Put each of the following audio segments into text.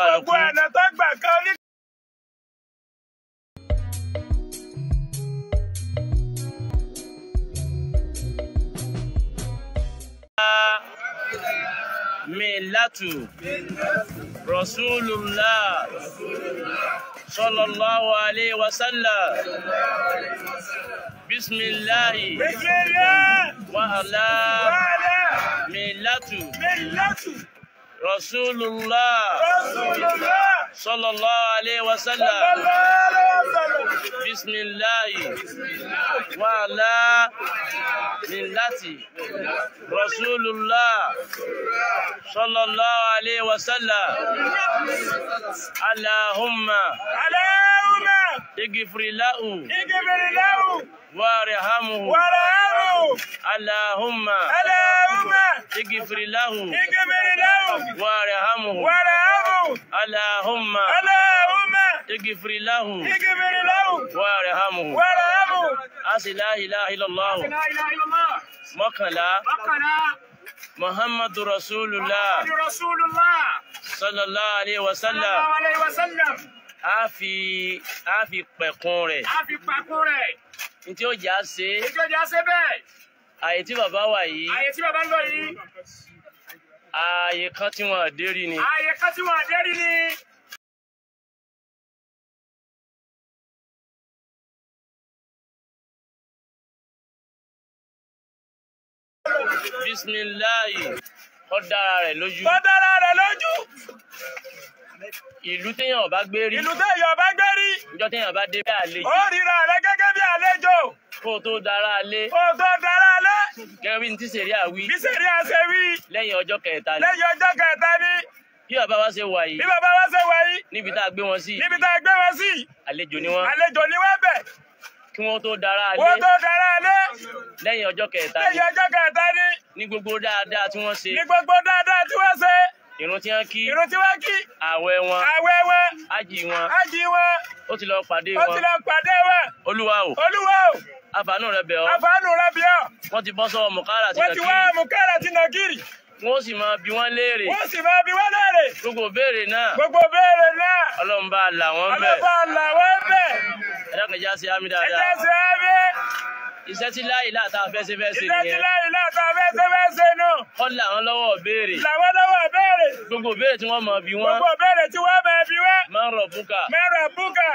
gbogbo ọ̀nà tó gbà kan Rasulullah sallallahu alayhi wa sallam Bismillah Bismillah wa ala Millatu Millatu. Rasulullah. Rasulullah. Sallallahu alayhi wa sallam. Bismillah. Wa ala millati. Rasulullah. Sallallahu alayhi wa sallam. Allahumma. Allahumma. اغفر له اغفر له وارحمه وارحمه اللهم اللهم اغفر له اغفر له وارحمه وارحمه اللهم اللهم اغفر له اغفر له وارحمه وارحمه أسي لا إله إلا الله لا إله إلا الله مكلا مكلا محمد رسول الله محمد رسول الله صلى الله عليه وسلم صلى الله عليه وسلم a fi a fi pẹ̀kun rẹ̀. a fi pẹ̀kun rẹ̀. n tí ó jà ṣe. n tí ó jà ṣe bẹ́ẹ̀. àyè tí bàbá wà yìí. àyè tí bàbá lọ yìí. àyè kan tí wọn àdérí ni. àyè kan tí wọn àdérí ni. bisimilayi kọ́ dára rẹ̀ lójú. kọ́ dára rẹ̀ lójú ìlú téèyàn ọba gbé rí. ìlú téèyàn ọba gbé rí. ìjọ téèyàn ọba dé bí àlejò. ó ríra rẹ gẹ́gẹ́ bí àlejò. kó o tó dára lé. kó o tó dára lé. gẹ́gẹ́ bí n ti ṣeré àwí. bí ṣeré àṣẹ wí. lẹ́yìn ọjọ́ kẹta ni. lẹ́yìn ọjọ́ kẹta ni. bí bàbá wa ṣe wà yìí. bí bàbá wa ṣe wà yìí. níbi tá a gbé wọn sí. níbi tá a gbé wọn sí. àlejò ni wọn. àlejò ni wọn bẹ̀. kí wọ́n tó dára lé. wọ́n tó dára lé. lẹ́yìn ọjọ́ kẹta ni. lẹ́yìn ọjọ́ kẹta ni. ní gbogbo dáadáa tí wọ́n ṣe. ní gbogbo dáadáa tí wọ́n ṣe ìrun tí wọ́n kí ìrun tí wọ́n kí àwẹ̀ wọn àwẹ̀ wọn ájì wọn ájì wọn ó ti lọ pàdé wọn ó ti lọ pàdé wọn olúwa o olúwa o àfàànú rẹ bẹ̀ ọ́ àfàànú rẹ bẹ̀ ọ́ wọ́n ti bọ́ sọ́wọ́ mùkárà tí nàkírì wọ́n ti wá mùkárà tí nàkírì wọ́n sì máa bi wọ́n léèrè. wọ́n sì máa bi wọ́n léèrè. gbogbo béèrè náà. gbogbo béèrè náà. ọlọ́run bá là wọ́n bẹ̀. ọlọ́run bá là wọ́n bẹ̀. ẹ dákun sí àmì dáadáa. ẹ sí àmì iṣẹ́ tí láyé láta fẹ́sẹ̀ fẹ́sẹ̀ nìyẹn. iṣẹ́ tí láyé láta fẹ́sẹ̀ fẹ́sẹ̀ náà. wọ́n làwọn lọ́wọ́ béèrè. làwọn lọ́wọ́ béèrè. gbogbo béèrè tí wọ́n mọ̀ bí wọ́n. gbogbo béèrè tí wọ́n mọ̀ bí wọ́n. máa ń rọ̀ búkà. máa ń rọ̀ búkà.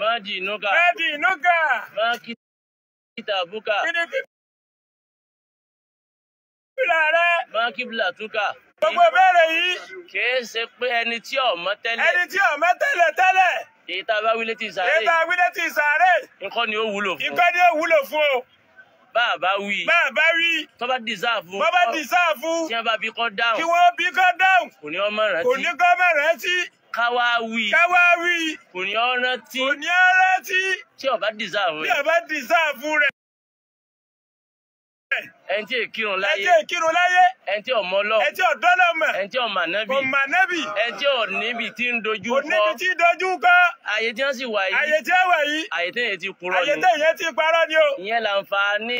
máa ń jìnnú ká. máa ń jìnnú ká. máa ń kíta búkà. kíni kíbla rẹ. máa ń kíbla túkà. gbogbo béèrè yìí. kì í ṣe pé ẹni tí èyí tá a bá wílé tí ìsàárè. èyí tá a wílé tí ìsàárè. nǹkan ni ó wúlò fún. nǹkan ni ó wúlò fún o. bá a bá wí. bá a bá wí. tó bá dìsáàfù. tó bá dìsáàfù. tí wọ́n bá bí kọ́ dáhùn. kí wọ́n bí kọ́ dáhùn. kò ní ọmọ rántí. kò ní kọ́ ọmọ rántí. káwá wí. káwá wí. kò ní ọ rántí. kò ní ọ rántí. tí ó bá dìsáàfù rẹ̀. tí ẹn tí èkírun láyé ẹn tí èkírun láyé ẹn tí ọmọ lọ ẹn tí ọdọ lọ mọ ẹn tí ọmọ ànábì ọmọ ànábì ẹn tí ọníbi tí ń dojú kọ ọníbi tí ń dojú kọ àyè tí wọn sì wà yìí àyè tí wọn wà yìí àyè tí èyí ti purọ́ ni àyè tí èyí ti parọ́ ni o ìyẹn làǹfààní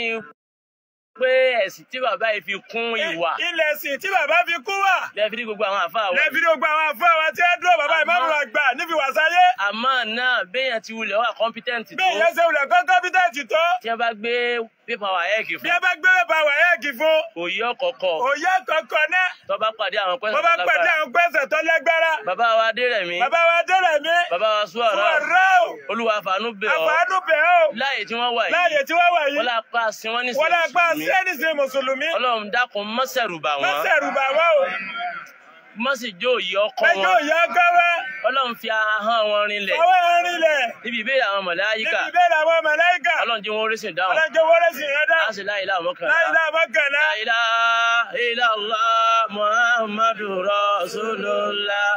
pé ẹ̀sìn tí bàbá yìí fi kún ìwà. ilẹ̀ ẹ̀sìn tí bàbá fi kún wà. lẹ́fìrí gbogbo àwọn àfa wa. lẹ́fìrí gbogbo àwọn àfa wa tí ẹ dúró bàbá ìmáàmù àgbà níbi wàsáyé. àmọ́ náà béèyàn ti wulẹ̀ wà kọ́mpítẹ́ǹtì tó. béèyàn ṣe wulẹ̀ kọ́ kọ́mpítẹ́ǹtì tó. tí wọ́n bá gbé pépà wà ẹ́ẹ̀kì fún. bí ẹ bá gbé pépà wà ẹ́ẹ̀kì fún. òye ọkọ̀ọ̀kọ̀. òye ọkọ̀ọ̀kọ̀ náà. tó bá pàdé àwọn pẹ́sẹ̀ tó lágbára. tó bá pàdé àwọn pẹ́sẹ̀ tó lágbára. bàbá wa Adérẹ̀mí. bàbá wa Adérẹ̀mí. bàbá wa Suarau. Suarau. olúwa àfàànú bẹ̀ ọ́. àfàànú bẹ̀ ọ́. láàyè tí wọ́n wà yìí. láàyè tí wọ́n wà yìí. wọ́n lápá sí wọ́n ní mọ́sí jó yí ọkọ wọn. ẹjọ́ yí ọkọ wọn. ọlọ́run fi ahọ́n wọn rinlẹ̀. ọwọ́ wọn rinlẹ̀. níbi ìbéèrè àwọn màláíkà. níbi ìbéèrè àwọn màláíkà. ọlọ́run jẹ́ wọn rẹ́sìn dáhùn. ọlọ́run jẹ́ wọn rẹ́sìn dáhùn. láti láyé láwọn kan. láyé láwọn kan náà. muhammadu rasulullah.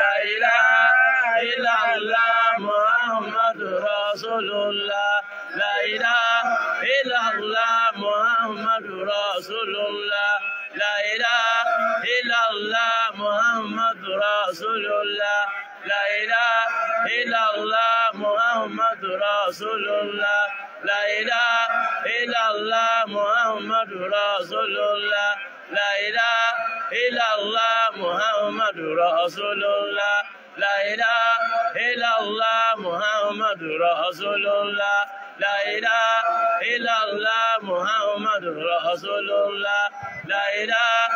láyé láyé láwọn muhammadu rasulullah. láyé láyé láwọn muhammadu rasulullah. لا إله إلا الله محمد رسول الله لا إله إلا الله محمد رسول الله لا إله إلا الله محمد رسول الله لا إله إلا الله محمد رسول الله لا إله إلا الله محمد رسول الله لا إله إلا الله محمد Rasulullah la ilaha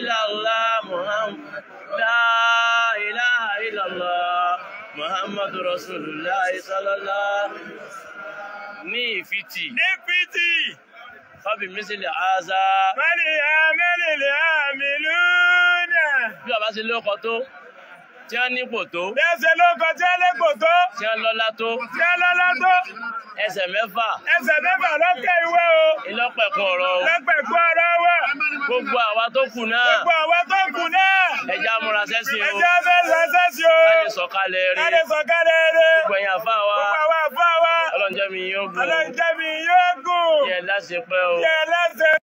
illallah Muhammad la ilaha illallah Muhammad Rasulullah sallallahu ní ìfìtì. ní ìfìtì. fábí mísìlì àzá. mẹ́lì àmì lè àmì lúnà. bí bàbá ṣe lóko tó tí wọ́n nípò tó. tí wọ́n ṣe lóko tí wọ́n lépò tó. tí wọ́n lọ́lá tó. tí wọ́n lọ́lá tó. ẹsẹ̀ mẹ́fà. ẹsẹ̀ mẹ́fà lọ́kẹ́ ìwé o. ìlọ́pẹ̀kun ọ̀rọ̀ o. lọ́pẹ̀kun ọ̀rọ̀ wà. gbogbo àwa tó kù náà. gbogbo àwa tó kù náà. ẹja múra sẹ́sì o. ẹja múra sẹ́sì o. káde sọ̀kalẹ̀ rẹ̀. káde sọ̀kalẹ̀ rẹ̀. gbogbo àfa wa. gbogbo àwa àfa wa. ọlọ́njẹ́ mi yóò gùn. ọlọ́njẹ́ mi yóò gùn. yẹ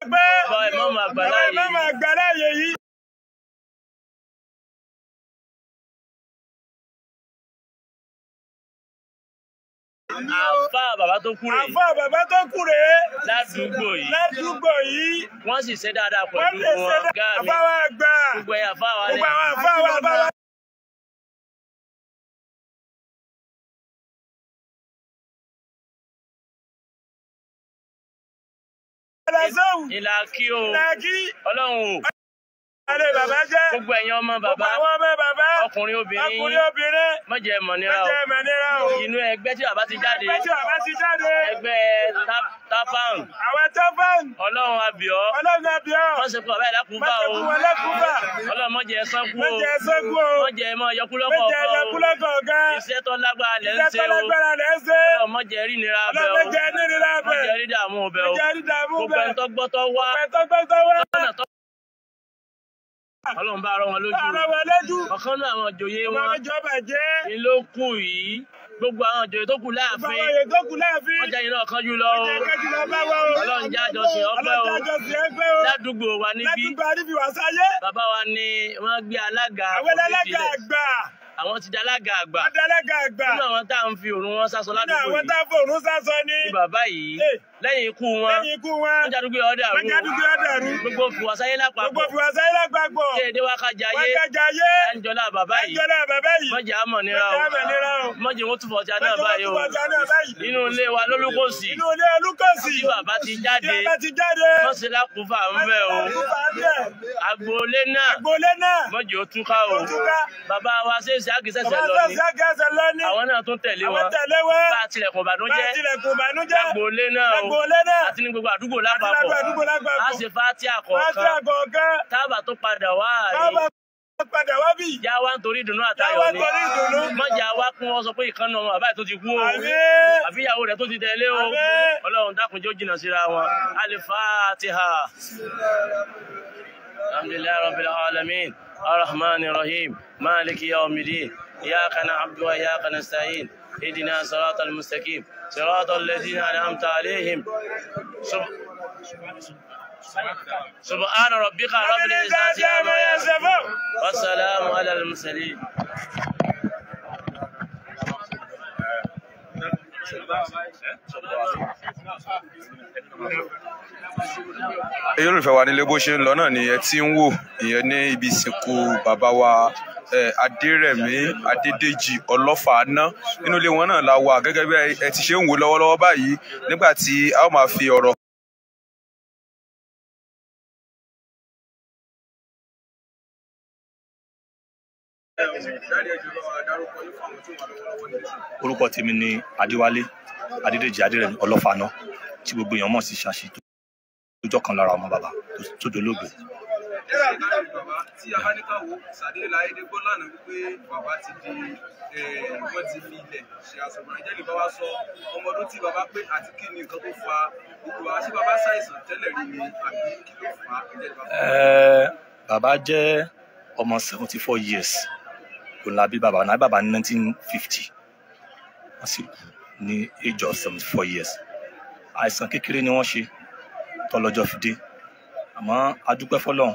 pé bàbá ìmọ̀mọ̀ àgbàlá yẹ yìí. àfa bàbá tó kú rèé. àfa bàbá tó kú rèé. ládùúgbò yìí. ládùúgbò yìí. wọ́n sì ṣe dáadáa pẹ̀lú ọ̀gá mi. àfa wa gbà. gbogbo ẹ̀yà àfa wa ni. gbogbo àwọn àfa wa bá wa. ìlà kí o ọlọ́run o. Alé bàbá jẹ́. Gbogbo ẹ̀yin ọmọ bàbá. Gbogbo ọmọ bàbá. Ọkùnrin obìnrin. Ọkùnrin obìnrin. Má jẹ́ o. Má jẹ́ o. Inú ẹgbẹ́ tí bàbá ti jáde. Ẹgbẹ́ tí bàbá ti jáde. Ẹgbẹ́ Tafan. Àwọn Tafan. Ọlọ́run abiọ́. Ọlọ́run abiọ́. Wọ́n ṣe fún o. Má ṣe fún bàbá ìdákun o. Má jẹ́ o. Má jẹ́ mọ yọkúlọ́kọ̀ tó lágbára lẹ́ o. Iṣẹ́ tó lágbára lẹ́ ń ṣe. Ọlọ́run má o. Ọlọ́run má jẹ́ o. Gbogbo ẹni tó gbọ́ wá. Gbogbo ẹni tó gbọ́ wá. Ọlọ́run bá rán wọn lójú. Ara wọn lójú. Ọ̀kan náà àwọn ìjòyè wọn. Ọmọ ìjọba jẹ́. Ìlókù yìí. Gbogbo àwọn ìjòyè tó kù láàfin. Gbogbo àwọn tó kù láàfin. Wọ́n jẹ́ iná kan jù lọ. o. Ọlọ́run jẹ́ àjọsìn ọpẹ́ o. Ládùúgbò wa níbí. Bàbá wa ni wọ́n gbé alága. àgbà àwọn ti dalága àgbà. àgbà. Nínú àwọn tá à ń fi òrùn wọn sásọ ládùúgbò yìí. Nínú àwọn tá à ń fi òrùn sásọ ni. bàbá yìí lẹ́yìn ikú wọn lẹ́yìn ikú wọn wọ́n jádùgbé ọ̀dà rú wọ́n jádùgbé ọ̀dà rú gbogbo fìwàsáyé lápapọ̀ gbogbo fìwàsáyé lápapọ̀ tí èdè wa kájà yé kájà yé ẹnjọ́lá bàbá yìí ẹnjọ́lá bàbá yìí mọ̀jà àmọ̀ nira o mọ̀jà àmọ̀ nira o mọ̀jà wọn tún fọ̀jà náà báyìí o inú ilé wa lólúkòsì inú ilé olúkòsì tí bàbá ti jáde bàbá ti jáde wọ́n ṣe lákùúfà ń bẹ̀ o agboolé náà agboolé náà mọ̀jà ó túká o bàbá wa ṣe é ṣe àgẹ́sẹ̀sẹ̀ lọ ni àwọn náà tún tẹ̀lé wọn bá tilẹ̀kùn ìbànújẹ́ agboolé náà o gbogbo lẹ́nà àti ní gbogbo àdúgbò lápapọ̀ a ṣe fàtíà kọ̀ọ̀kan tábà tó padà wá àyè padà wá bí. Ìjà wa ń torí ìdùnnú àtayọ̀ ni. Ìjà wa torí ìdùnnú. Mọ̀jà wa kún ọ sọ pé ìkan náà bàbá tó ti kú o. Àmín. Àbí ìyàwó rẹ̀ tó ti tẹ̀lé o. Àmín. Ọlọ́run dákun jìnnà síra wọn. Al-Fatiha. Alhamdulillahi rabbil alamin. Ar-Rahmanir Rahim. Maliki yawmiddin. Iyyaka na'budu wa iyyaka nasta'in. اهدنا صراط المستقيم صراط الذين أنعمت عليهم سبحان ربك رب العزة عما يصفون والسلام على المرسلين olólùfẹ́ nílé bó ṣe ń lọ náà ni ẹ ti ń wò ìyẹn ní ibi ìsìnkú bàbá wa adérẹ̀mí adédèjì ọlọ́fàáná nínú ilé wọn náà la wà gẹ́gẹ́ bí ẹ ti ṣe ń wò lọ́wọ́lọ́wọ́ báyìí nígbà tí a ó máa fi ọ̀rọ̀ orúkọ tèmi ni adéwálé adédèjì adérẹ̀mí ọlọ́fàáná tí gbogbo èèyàn mọ̀ sí ṣàṣì tó jọ kan lára ọmọ bàbá tó dolóògbé ẹ̀rọ àgbẹ̀dá bàbá tí a bá ní káwọ́ sàdéhùn láyédè gbọ́ lánàá wípé bàbá ti di wọ́n ti fi ilẹ̀ ṣe àṣọ̀gbọ̀n ẹ̀jẹ̀ bàbá sọ ọmọ ọdún tí bàbá pé àti kí ni nǹkan tó fa gbogbo wa ṣé bàbá ṣàìsàn tẹ́lẹ̀ rí ni àbí kí ló fà á bàbá. bàbá jẹ́ ọmọ seventy four years òun la bí bàbá náà bàbá ní nineteen fifty wọ́n sì ní age of seventy four years àìsàn kékeré ni wọ́n ṣe tọ́lọ́jọ́ fi dé àmọ́ adúpẹ́ fọlọ́run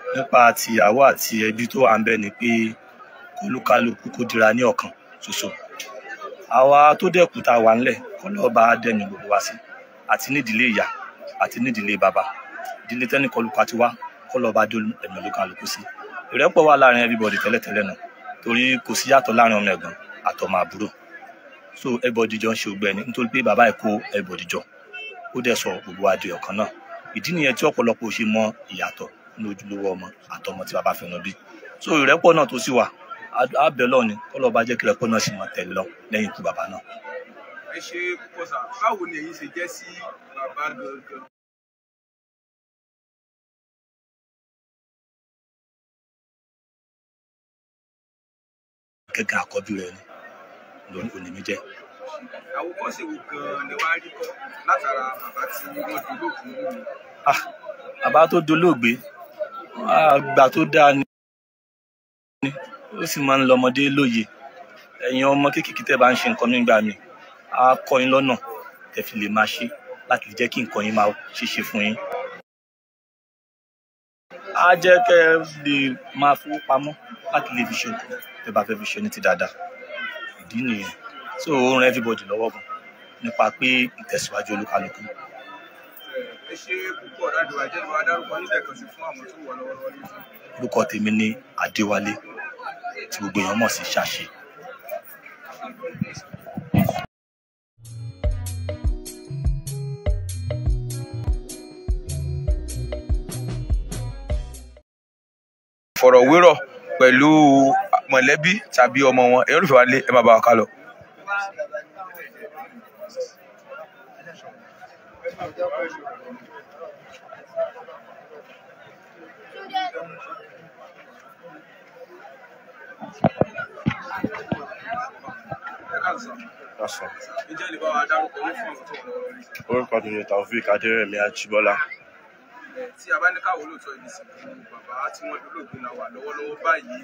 nípa ti àwa àti ẹbí tó wà ń bẹ ni pé kólúkálukú kó dira ní ọ̀kan ṣoṣo àwa tó dẹ̀kù tá a wà ńlẹ̀ kọ́lọ́ọ̀bá dẹ̀mí gbogbo wa sí àti nídìílé ìyá àti nídìílé bàbá ìdílé tẹ́ni kọlùkà ti wá kọ́lọ́ọ̀bá dé ẹ̀mí olúkálukú sí ìrẹ́pọ̀ wà láàrin everybody tẹ́lẹ̀tẹ́lẹ̀ náà torí kò sí yàtọ̀ láàrin ọmọ ẹ̀gbọ́n àtọmọ àbúrò so everybody jọ ń ṣe ògbẹ́ ni nítorí pé bàbá ẹ̀ kó everybody jọ ó dẹ̀ sọ gbogbo adìẹ ọ̀kan náà ìdí nìyẹn tí ọ̀pọ̀lọpọ̀ ṣe ní ojúlówó ọmọ àtọmọ tí bàbá fẹ́ràn bí so ìrẹ́pọ̀ náà tó sì wà á bẹ̀ lọ ni kọ́lọ́ bá jẹ́ kí ìrẹ́pọ̀ náà sì máa tẹ̀lé lọ lẹ́yìn ikú bàbá náà. ẹ ṣe púpọ̀ sá báwo ni èyí ṣe jẹ́ sí bàbá gangan. gẹ́gẹ́ àkọ́bí rẹ̀ ni lórí onímí jẹ́. àwòkọ́ṣe wo gan-an ni wàá rí kọ́ látara bàbá tí wọ́n dolóògbé. Ah, bàbá tó dolóògbé àgbà tó dáa ni ó sì máa ń lọ ọmọdé lóye ẹ̀yin ọmọ kéékèèké tẹ́ bá ń ṣe nǹkan nígbà mi á kọ́ yín lọ́nà tẹ́ fi lè máa ṣe láti jẹ́ kí nǹkan yín máa ṣeéṣe fún yín. á jẹ́ kẹ́ ẹ lè máa fowó pamọ́ láti lè fi ṣe nǹkan tẹ́ bá fẹ́ fi ṣe ní ti dáadáa ìdí nìyẹn so ó ran everybody lọ́wọ́ gan nípa pé ìtẹ̀síwájú olúkálùkù ẹ ṣe púpọ̀ ládùúgbò àjẹ́ ìwà dárúkọ nílẹ̀ kan sí fún àwọn tó wà lọ́wọ́lọ́wọ́ ní ìsìn. orúkọ tèmi ni adéwálé tí gbogbo èèyàn mọ̀ sí ṣàṣe. fọ̀rọ̀wérọ̀ pẹ̀lú mọ̀lẹ́bí tàbí ọmọ wọn ẹ̀rọ ìfẹ́ wa lé ẹ má bá wa ká Thank you. orúkọ mi ni taofik adérẹ̀mí ajíbọ́lá. tí a bá ní káwọ olóòótọ́ ibi sí bàbá tí wọ́n dolóògbé náà wà lọ́wọ́lọ́wọ́ báyìí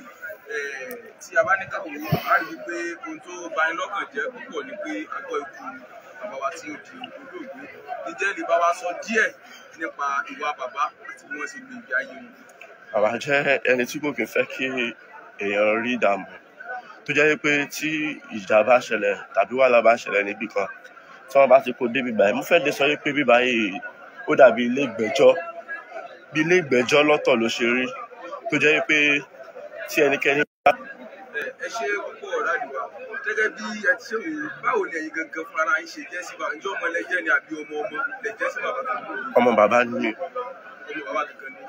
eh, tí a bá ní káwọ olóòótọ́ a rí i pé ohun tó bà ni lọ́kàn jẹ́ púpọ̀ ni pé a gbọ́ ikú bàbá wa tí ó di olóògbé ǹjẹ́ lè bá wa sọ díẹ̀ nípa ìwà bàbá àti bí wọ́n ṣe gbé ìgbé ayé wọn. bàbá jẹ́ ẹni tí kò kí ń fẹ́ kí èèyàn rí ìdààmú tó jẹ́ pé tí ìjà bá ṣẹlẹ̀ tàbí wàhálà bá ṣẹlẹ̀ níbì kan tí wọ́n bá ti kó débi báyìí mo fẹ́ lè sọ pé bíbá yìí ó dàbí ilé ìgbẹ́jọ́ bí ilé ìgbẹ́jọ́ lọ́tọ̀ ló ṣe rí tó jẹ́ pé tí ẹnikẹ́ni bá. ẹ ṣe púpọ̀ ládùúgbà gẹ́gẹ́ bí ẹ ti ṣe wò báwo ni ẹ̀yin gangan fún ara yín ṣe jẹ́ sí bàbá ǹjẹ́ ọmọ ẹlẹ́jẹ̀ ni àbí ọmọ ọmọ lè jẹ́ sí bàbá kan. ọmọ bàbá ni. ọmọ bàbá kankan ni.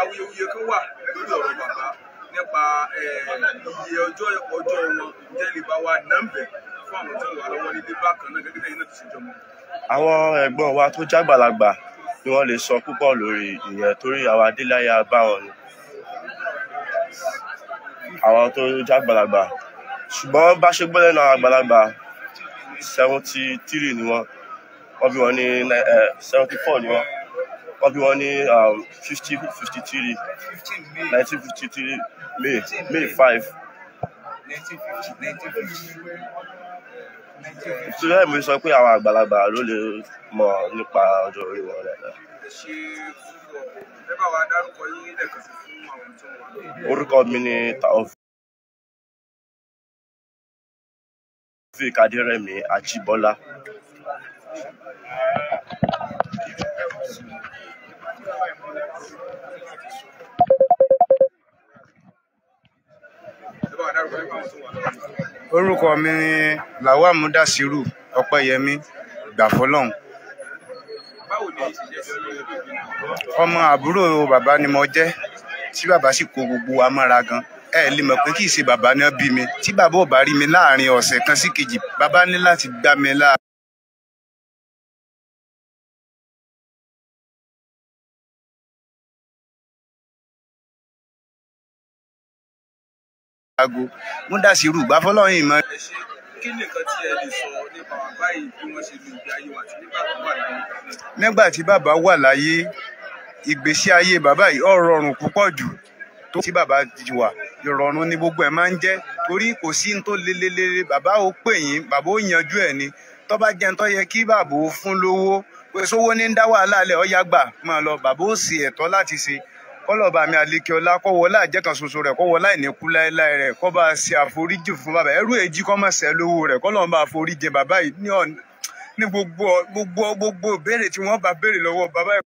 awuyewuye kan wà lórí ọ̀rọ̀ bàbá nípa eh, iye ọjọ́ ọjọ́ wọn tẹ́lẹ̀ bá wa nàmbẹ̀ fún àwọn tó wà lọ́wọ́ nílé bákan náà gẹ́gẹ́ bẹ́ẹ̀ náà ti ṣe jọmọ. àwọn ẹ̀gbọ́n wa tó jágbàlagbà ni wọ́n lè sọ púpọ̀ lórí ìyẹn torí àwa adéláyà bá wọn ni àwọn tó jágbàlagbà ṣùgbọ́n bá ṣe gbọ́dọ̀ náà àgbàlagbà seventy three ni wọ́n wọ́n bí wọ́n ní eh, seventy four ni wọ́n wọ́n bí wọ́n ní um, fifty fifty three nineteen fifty three. May May five. Ìtura ìmú sọ pé àwọn àgbàlagbà ló lè mọ̀ nípa ọjọ́ orí wọn dáadáa. Orúkọ mi ni Taofik Adérẹ̀mí Ajíbọ́lá. Thank orúkọ mi ni lawal mudasiru ọpẹyẹmí gbàfọlọhún ọmọ àbúrò bàbá ni mo jẹ tí bàbá sì kó gbogbo wa mọ́ra gan ẹ lè mọ̀ pé kì í ṣe bàbá náà bí mi tí bàbá ò bá rí mi láàrin ọ̀sẹ̀ kan sí kejì bàbá ní láti gbá mi láàrin. ago múdàsírù gbáfọ́lọ́run ìmọ̀. kí nìkan tí ẹ lè sọ nípa bàbá yìí bí wọ́n ṣe lò ìgbé ayé wa àti nígbà tó wà láyé. nígbà tí bàbá wà láyé ìgbésí ayé bàbá yìí ó rọrùn púpọ̀ jù tó tí bàbá ti wà ìrọ̀rùn ni gbogbo ẹ̀ máa ń jẹ́ torí kò sí tó lelelele bàbá ó pè yín bàbá ó yanjú ẹ̀ ni tó bá jẹun tó yẹ kí bàbá ó fún lówó pé sówó ní ń dá wàhálà lẹ̀ ọ́ gbà máa lọ bàbá ó sì ẹ̀tọ́ láti ṣe kọlọba mi àlekè ọlá kọwọ láàjẹ kan ṣoṣo rẹ kọwọ láì ní kú láéláé rẹ kọba ṣe àforíjì fún bàbá ẹrú èjì kọmọṣẹ lówó rẹ kọlọba àforíjì bàbá yìí ní gbogbo gbogbo gbogbo béèrè tí wọn bá béèrè lọ́wọ́ bàbá yìí.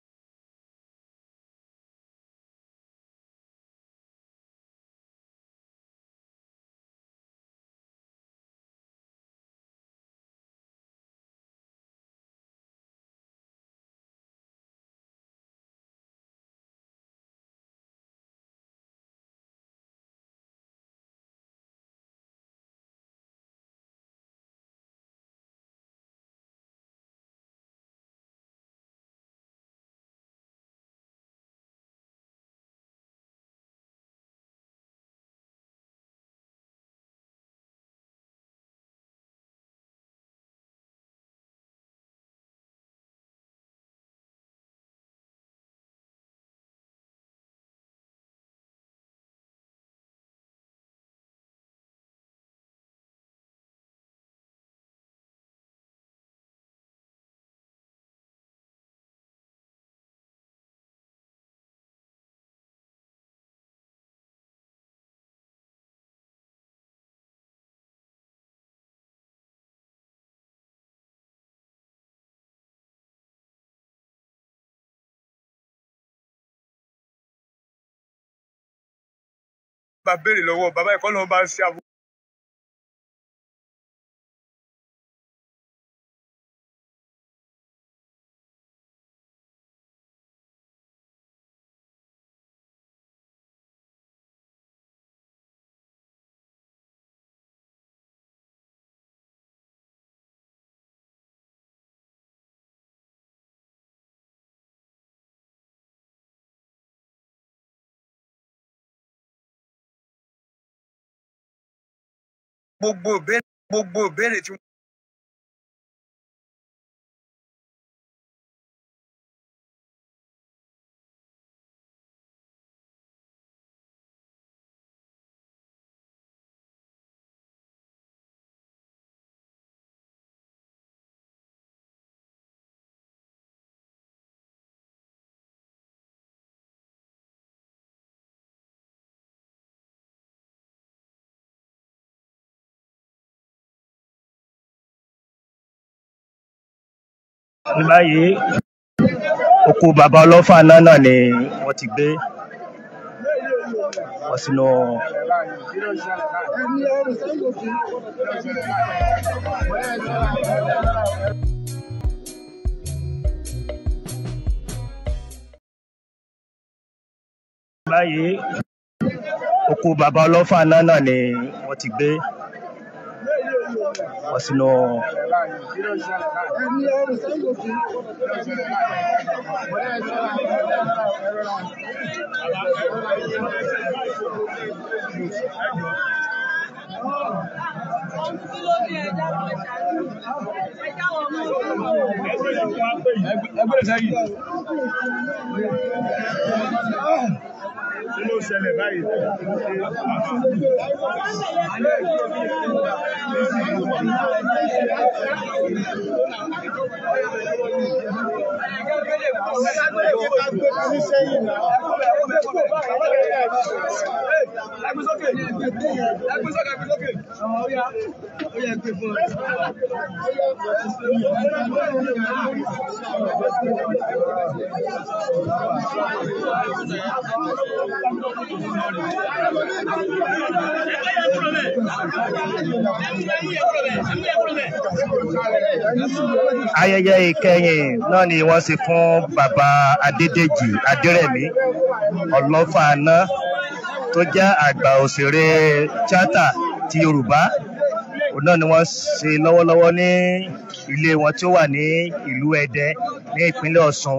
bá béèrè lọ́wọ́ bàbá ìkọ́ lọ́wọ́ bá ṣe àbúrò. gbogbo ìbéèrè tí wọ́n. ní báyìí òkú bàbá ọlọ́fà náà náà ni wọ́n ti gbé wọ́n sínú báyìí òkú bàbá ọlọ́fà náà náà ni wọ́n ti gbé wọ́n sínú Ẹgbẹ́rẹ̀ sẹ́yìn nínú ìṣẹ̀lẹ̀ báyìí ayẹyẹ ìkẹyìn náà ni wọ́n ṣe ṣe fún bàbá Adédèjì Adérẹ̀mí Ọlọ́fààná tó jẹ́ àgbà òṣèré tíátà ti Yorùbá òun náà ni wọ́n ṣe lọ́wọ́lọ́wọ́ ní ilé wọn tí ó wà ní ìlú Ẹdẹ ní ìpínlẹ̀ Ọ̀ṣun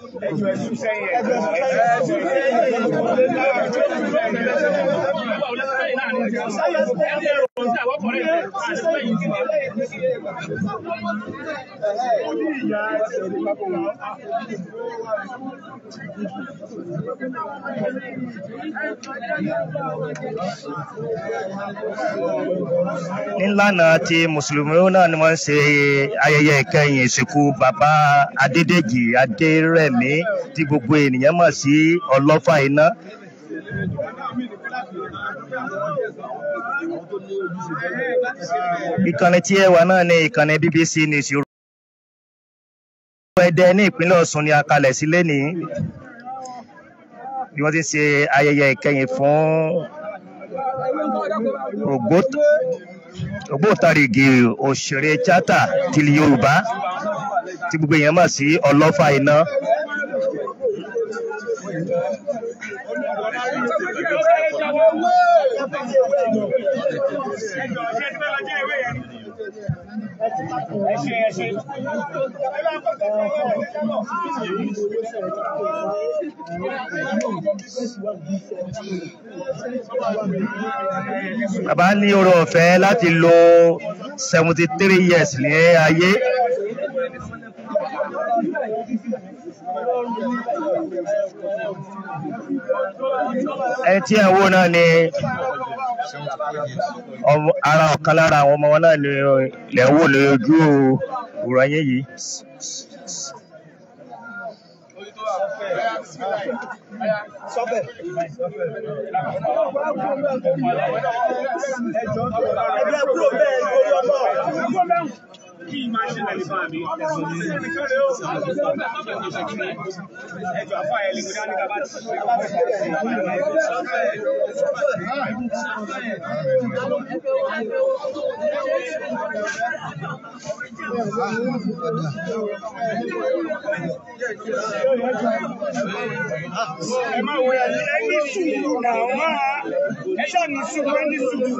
nílànà tí mùsùlùmí náà ni wọ́n ń ṣe ayẹyẹ ìkẹyìn ìsìnkú bàbá Adédèjì Adérẹ̀mí òní tí gbogbo ènìyàn mọ̀ sí ọlọ́fà iná. ìkànnì tí ẹ wà náà ni ìkànnì BBC News Yorùbá. Ẹdẹ ní ìpínlẹ̀ Ọ̀ṣun ni a kalẹ̀ sí lénìí bí wọ́n ti ń ṣe ayẹyẹ ìkẹyìn fún ògbóǹtarìgì òṣèré tíátà tìlú Yorùbá tí gbogbo èèyàn mọ̀ sí Ọlọ́fà Iná. ẹjọ ṣe pé ọjọ́ ìwé yẹn ẹ ṣe ẹ bàbá ní oore ọ̀fẹ́ láti lo seventy years ní ayé. E tí ẹ̀ náà ni ara ọ̀kan lára àwọn ọmọ wọn náà ni yìí. kí n máa ṣẹlẹ̀ nípa mi. ẹjọ́ àfa ẹ̀ lè múdá nígbà bá ti ṣe é. ẹ má wo ẹ ní sùúrù náà máa ẹ ṣáà ní sùúrù ẹ ní sùúrù.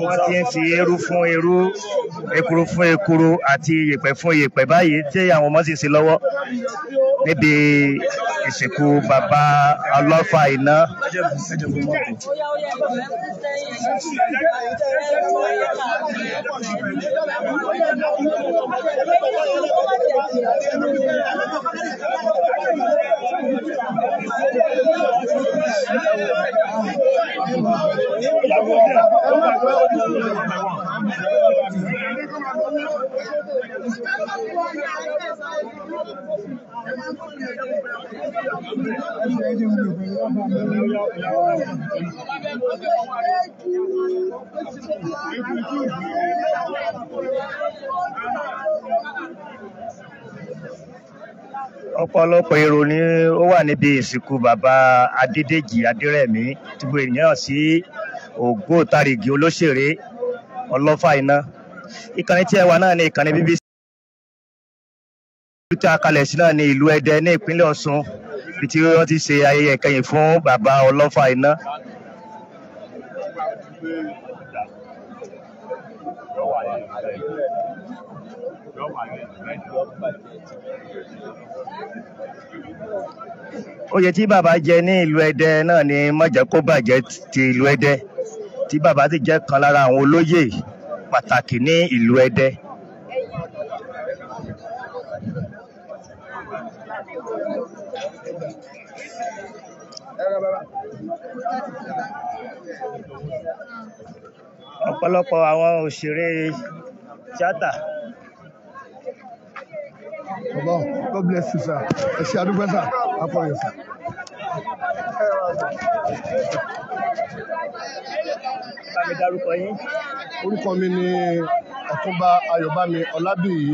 wọ́n ti ń fi eérú fún eérú ekuru fún ekuru àti yèpẹ̀ fún yèpẹ̀ báyìí tí àwọn ọmọ sì ń ṣe lọ́wọ́ níbi ìsìnkú bàbá ọlọ́fà iná. Thank you ọ̀pọ̀lọpọ̀ èrò ni ó wà níbi ìsìnkú bàbá Adédèjì Adérẹ̀mí tí gbogbo ènìyàn sí ògbóǹtarìgì olóṣèré ọlọ́fà iná ìkànnì tí ẹ wà náà ni ìkànnì BBC ìlú tí a kalẹ̀ sí náà ni ìlú Ẹdẹ ní ìpínlẹ̀ Ọ̀ṣun ibi tí wọ́n ti ṣe ayẹyẹ ìkẹyìn fún bàbá ọlọ́fà iná. Oyè tí bàbá jẹ ní ìlú Ẹdẹ náà ni májẹ̀kóbàjẹ́ ti ìlú Ẹdẹ tí bàbá ti jẹ́ kan lára àwọn olóyè pàtàkì ní ìlú Ẹdẹ. ọ̀pọ̀lọpọ̀ àwọn òṣèré tíátà. Bàbá God bless you sir, ẹ ṣe àdúgbò sir, àpọ̀yọ̀ sir. Bámi dárúkọ yín. Orúkọ mi ni Ọ̀túnba Ayọ̀bámi Ọlábíyí,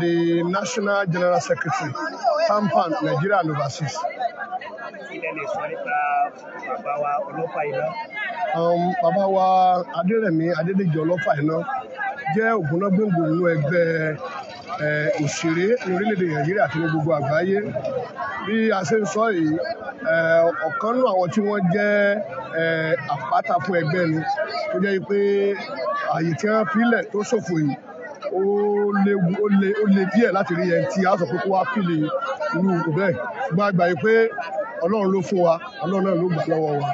the National General Secretary, Pampan, Nigeria and lè sọ nípa bàbá wa ọlọ́fà iná. Um, bàbá wa adérẹ̀mí adédèjì ọlọ́fà iná jẹ́ ògúnnágbòǹgbò nínú ẹgbẹ́ òṣèré ní orílẹ̀-èdè nàìjíríà àti ní gbogbo àgbáyé bí a ṣe ń sọ yìí ọ̀kan nínú àwọn tí wọ́n jẹ́ àpáta fún ẹgbẹ́ ni tó jẹ́ pé àyè tí wọ́n filẹ̀ tó ṣòfò yìí ó le díẹ̀ láti rí ẹni tí a sọ pé kó wá fìlè irú òkú bẹ́ẹ̀ gbọ́n àgbà yìí pé ọlọ́run ló fún wa ọlọ́run náà ló gbà lọ́wọ́ wa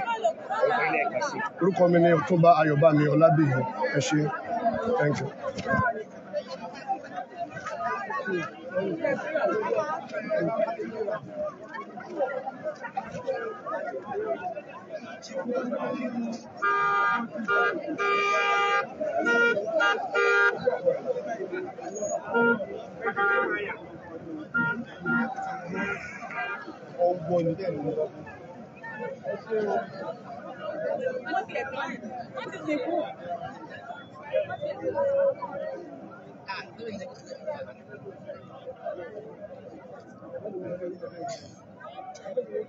orúkọ mi ni ọ̀túnba ayọ̀bámi ọlábíyí ẹ ṣé thank you. Thank you. ọgbọ́n ni dẹ̀ Thank you.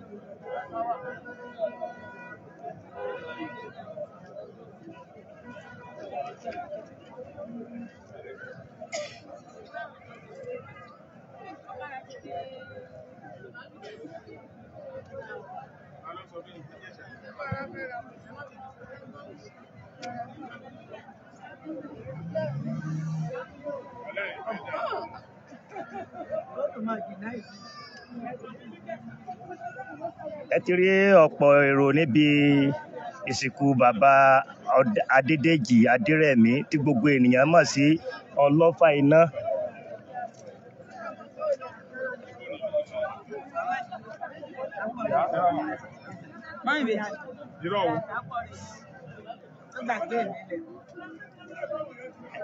ẹ ti rí ọ̀pọ̀ èrò níbi ìsìnkú bàbá Adédèjì Adérẹ̀mí tí gbogbo ènìyàn mọ̀ sí ọlọ́fà iná.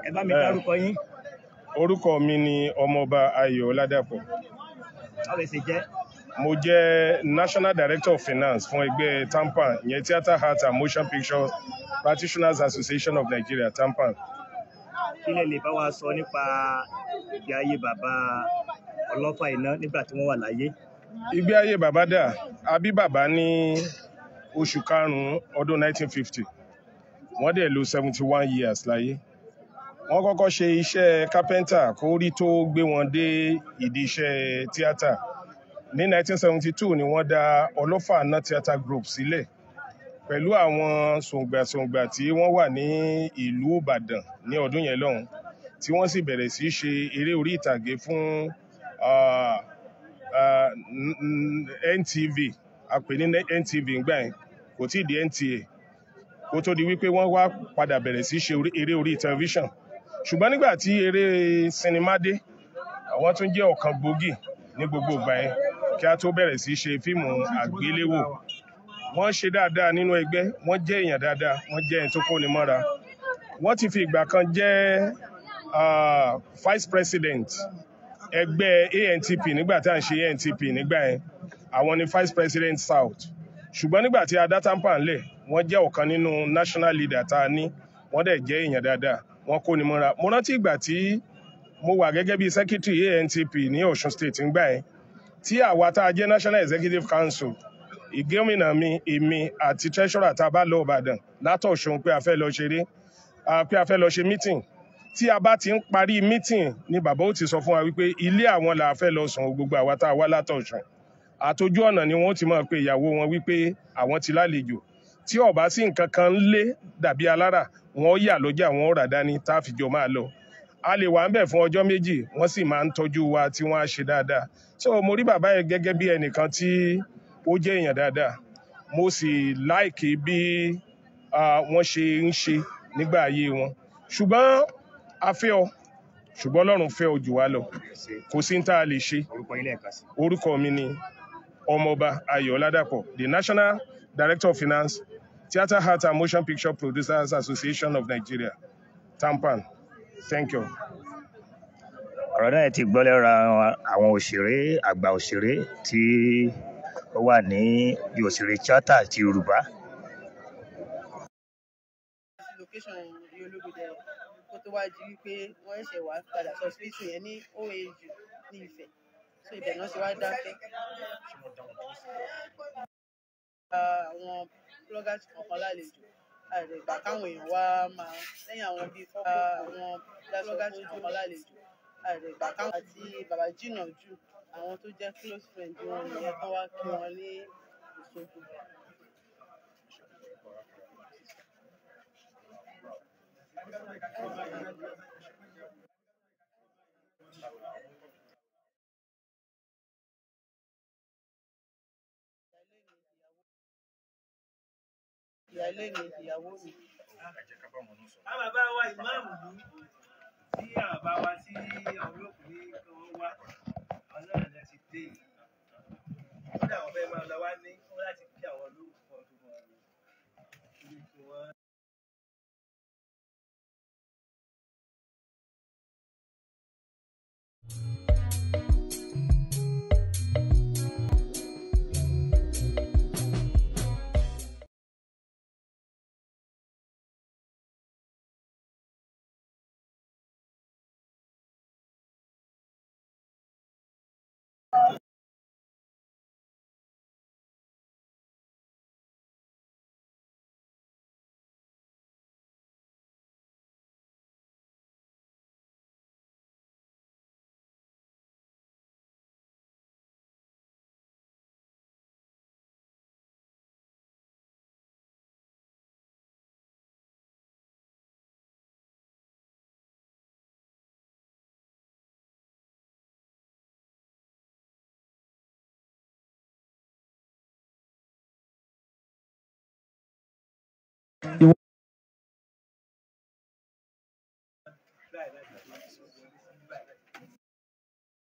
ẹ bá mi dárúkọ yín. Orúkọ mi ni Ọmọọba Ayọ̀ Ọládàpọ̀. Mo jẹ́ National Director of Finance fún ẹgbẹ́ TAMPAN, ìyẹn Theatre Art and Motion Picture Practitioners Association of Nigeria, TAMPAN. Kí lẹ lè bá wa sọ nípa ìgbé ayé bàbá ọlọ́fà iná nígbà tí wọ́n wà láyé? Ìgbé ayé bàbá dà, a bí bàbá ní oṣù karùn ọdún 1950. Wọ́n dẹ̀ lò 71 years láyé. Like wọ́n kọ́kọ́ ṣe iṣẹ́ kápẹ́ńtà kó rí tó gbé wọn dé ìdí tíátà ní 1972 ni wọ́n dá ọlọ́fà àná theatre group sílẹ̀ pẹ̀lú àwọn sòǹgbàsòǹgbà tí wọ́n wà ní ìlú Ìbàdàn ní ọdún yẹn lọ́hùn tí wọ́n sì bẹ̀rẹ̀ sí ṣe eré orí ìtàgé fún NTV a ní NTV ńgbà yẹn kò tí ì di NTA kó tó di wípé wọ́n wá padà bẹ̀rẹ̀ sí ṣe eré orí tẹlifíṣàn ṣùgbọ́n nígbà tí eré sinimá dé àwọn tún jẹ́ ọ̀kan gbòógì ní gbogbo ìgbà yẹn kí a tó bẹ̀rẹ̀ sí ṣe fíìmù àgbéléwò wọ́n ṣe dáadáa nínú ẹgbẹ́ wọ́n jẹ́ èèyàn dáadáa wọ́n jẹ́ ẹni tó kóni mọ́ra wọ́n ti fi ìgbà kan jẹ́ vice president ẹgbẹ́ ANTP nígbà tá à ń ṣe ANTP nígbà yẹn àwọn ni vice president south ṣùgbọ́n nígbà tí adátámpà ńlẹ̀ wọ́n jẹ́ ọ̀kan nínú national leader tá a ní wọ́n dẹ̀ jẹ́ èèyàn dáadáa wọ́n kó ni mọ́ra mo rántí ìgbà tí mo wà gẹ́gẹ́ bí secretary ANTP ní Ọ̀ṣun state ńgbà yẹn tí àwa tá a jẹ́ National Executive Council ìgómìnà mi èmi àti treasurer tá a bá lọ Ìbàdàn látọ̀ṣun pé a fẹ́ lọ ṣeré pé a fẹ́ lọ ṣe meeting tí a bá ti ń parí meeting ni bàbá ó ti sọ fún wa wípé ilé àwọn là á fẹ́ lọ sùn gbogbo àwa tá a wá látọ̀ṣun àtòjú ọ̀nà ni wọ́n ti máa pe ìyàwó wọn wípé àwọn ti lálejò tí ọ̀bá sí nǹkan kan ń lé dàbí alára wọ́n yà lọ́jà wọ́n rà dání tá a fi máa lọ a lè wà ń bẹ̀ fún ọjọ́ méjì wọ́n sì máa ń tọ́jú wa tí wọ́n á ṣe dáadáa so mo rí bàbá yẹn gẹ́gẹ́ bí ẹnìkan tí ó jẹ́ èèyàn dáadáa mo sì láìkì bí wọ́n ṣe ń ṣe nígbà ayé wọn ṣùgbọ́n a fẹ́ ọ ṣùgbọ́n ọlọ́run fẹ́ ọ jù wá lọ kò sí ní tá a lè ṣe orúkọ mi ni ọmọọba ayọ̀ ládàpọ̀ the national director of finance Theater Arts and Motion Picture Producers Association of Nigeria, TAMPAN. Thank you. Ọ̀rọ̀ náà ti gbọ́ lẹ́ra àwọn òṣèré àgbà òṣèré tí ó wà ní bí òṣèré tíátà ti Yorùbá. Location bloggers kankan lálejò àdìgbà káwọn èèyàn wá máa lẹ́yìn àwọn bíi fọ́pọ̀ àwọn bloggers kankan lálejò àdìgbà káwọn àti bàbá jìnnà jù àwọn tó jẹ́ close friend wọn nìyẹn kán wá kí wọn ní Òṣogbo. Thank you. ìyáálé mi ìyàwó mi. a bàbá wa ìmáàmù yìí tí a wa tí àwọn kan wá àwọn ti dé yìí kódà àwọn fẹ́ máa lọ wá ní láti kí àwọn olórúkọ tó mọ̀ ọ́ níbi tí thank you ìwọ.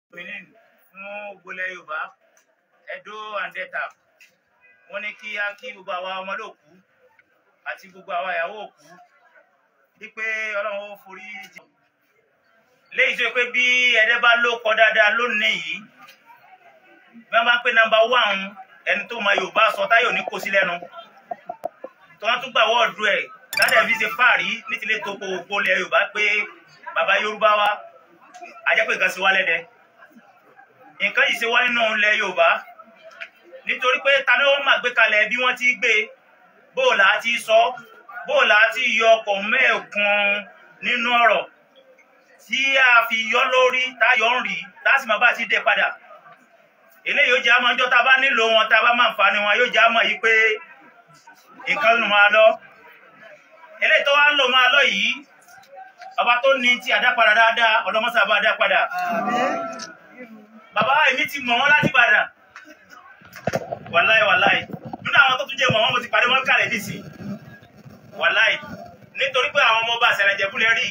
fún gbolẹ̀ yorùbá ẹ̀dó and delta wọ́n ní kí á kí gbogbo àwa ọmọdé àti gbogbo àwa ìyàwó òkú wípé ọlọ́run ó forí jì. léyìí tó yẹ pé bí ẹ̀dẹ́ bá ló kọ dáadáa lónìí yìí bí wọ́n bá pé nọ́mbà one ẹni tó mọ yorùbá sọ táyọ̀ ní kò sí lẹ́nu tí wọ́n tún gbà wọ́ọ̀dù ẹ̀ ládàá fi ṣe fáàrí ní tilé tó gbogbo ilẹ̀ Yorùbá pé bàbá Yorùbá wa ajẹ́pẹ́ nǹkan ṣe wá lẹ́dẹ nǹkan yìí ṣe wá nínú ilẹ̀ Yorùbá nítorí pé ta ló mà gbé kalẹ̀ bí wọ́n ti gbé bóòlà àti sọ bóòlà àti yọ ọkọ̀ mẹ́ẹ̀kan nínú ọ̀rọ̀ tí a fi yọ lórí táyọ̀ ń rí lásìmọ̀ bá ti dé padà eléyìí ó jẹ́ àmọ́ ọjọ́ tá a bá nílò wọn tá a bá máa ń fa ni wọn yóò jẹ́ àmọ́ yìí pé nǹkan nù máa lọ eléyìí tó wá ń lò máa lọ yìí ọba tó ní ti àdápadà dáadáa ọlọmọsà bá àdápadà bàbá èmi ti mọ̀ wọ́n láti Ìbàdàn wàláì wàláì nínú àwọn tó tún jẹ́ mọ̀ wọ́n mo ti parí wọn kàlẹ̀ nísìnyí wàláì nítorí pé àwọn ọmọ ọba àṣàlẹ̀jẹ̀búlẹ̀ rí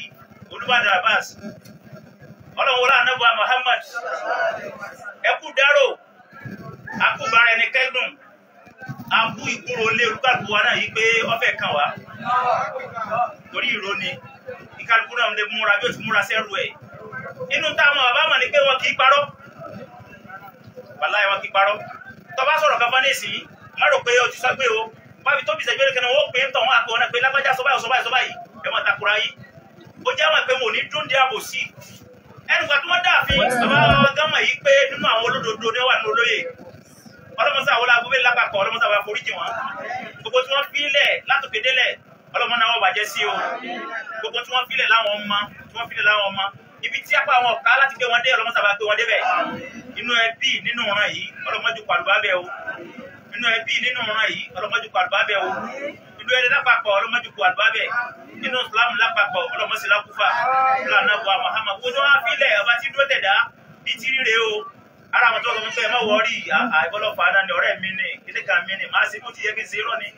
Olúbàdàn Abbas ọlọ́wọ́lá anábọ̀ Muhammad ẹkú dárò akúbárẹ̀ ní kẹ́dùn a bú ìkúrò lé olúkàlùkù wa náà yìí ọfẹ kàn wá torí ni ìkàlùkù náà lè múra bí ó ti múra sẹ́rù ẹ̀ inú táwọn bàbá mà ní pé wọn kì í parọ́ wàláyé wọn kì í parọ́ tọba sọ̀rọ̀ kan fọ́nẹ́ sí má rò pé o ti sọ o wábi tóbi ìṣẹ́jú kan yìí ọlọ́mọsá àwọn agbó bẹ́ẹ̀ lápapọ̀ ọlọ́mọsá àwọn àforíjì wọn gbogbo tí wọ́n filẹ̀ látòkè délẹ̀ ọlọ́mọ náà wọ́n bàjẹ́ sí o gbogbo tí wọ́n filẹ̀ láwọn ọmọ tí wọ́n filẹ̀ láwọn ọmọ ibi tí apá àwọn ọ̀ká láti gbé wọn dé ọlọ́mọsá àwọn àgbé wọn débẹ̀ inú ẹbí nínú ọ̀ràn yìí ọlọ́mọdé kọ àlùbá bẹ́ẹ̀ o inú ẹbí nínú ọ̀ràn yìí ọlọ́mọdé kọ àlùbá bẹ́ẹ̀ o inú ẹni lápapọ̀ ọlọ́mọdé kọ àlùbá bẹ́ẹ̀ inú Islam lápapọ̀ ọlọ́mọsí lákúfà fúlànà bọ̀ àmàhàmà gbogbo wọn filẹ̀ ọba tí dúró tẹ̀dá bí ti ríre o ara àwọn tó sọ pé ẹ má wọrí àìbọ́lọ́pọ̀ àdá ni ọ̀rẹ́ mi ni kíní kan mi ni màá sì kó ti yẹ kí n ṣe irọ́ ni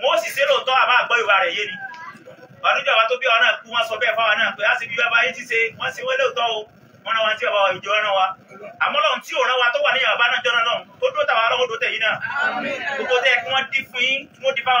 mo sì ṣe lóòótọ́ àbá àgbọ́ ìwà rẹ̀ yé ni ọdúnjọ́ wa tó bí ọ̀nà kú wọ́n sọ bẹ́ẹ̀ fáwọn náà pé á sì bí bàbá yìí ti ṣe wọ́n ṣe wọ́n lóòótọ́ o wọ́n rán wa tí bàbá ìjọ rán wa àmọ́ lọ́run tí ò rán wa tó wà níyàwó bá náà jọ́nà náà tó dúró tàwa lọ́wọ́ tó tẹ̀ yín náà gbogbo tẹ́ kí wọ́n dí fún yín kí wọ́n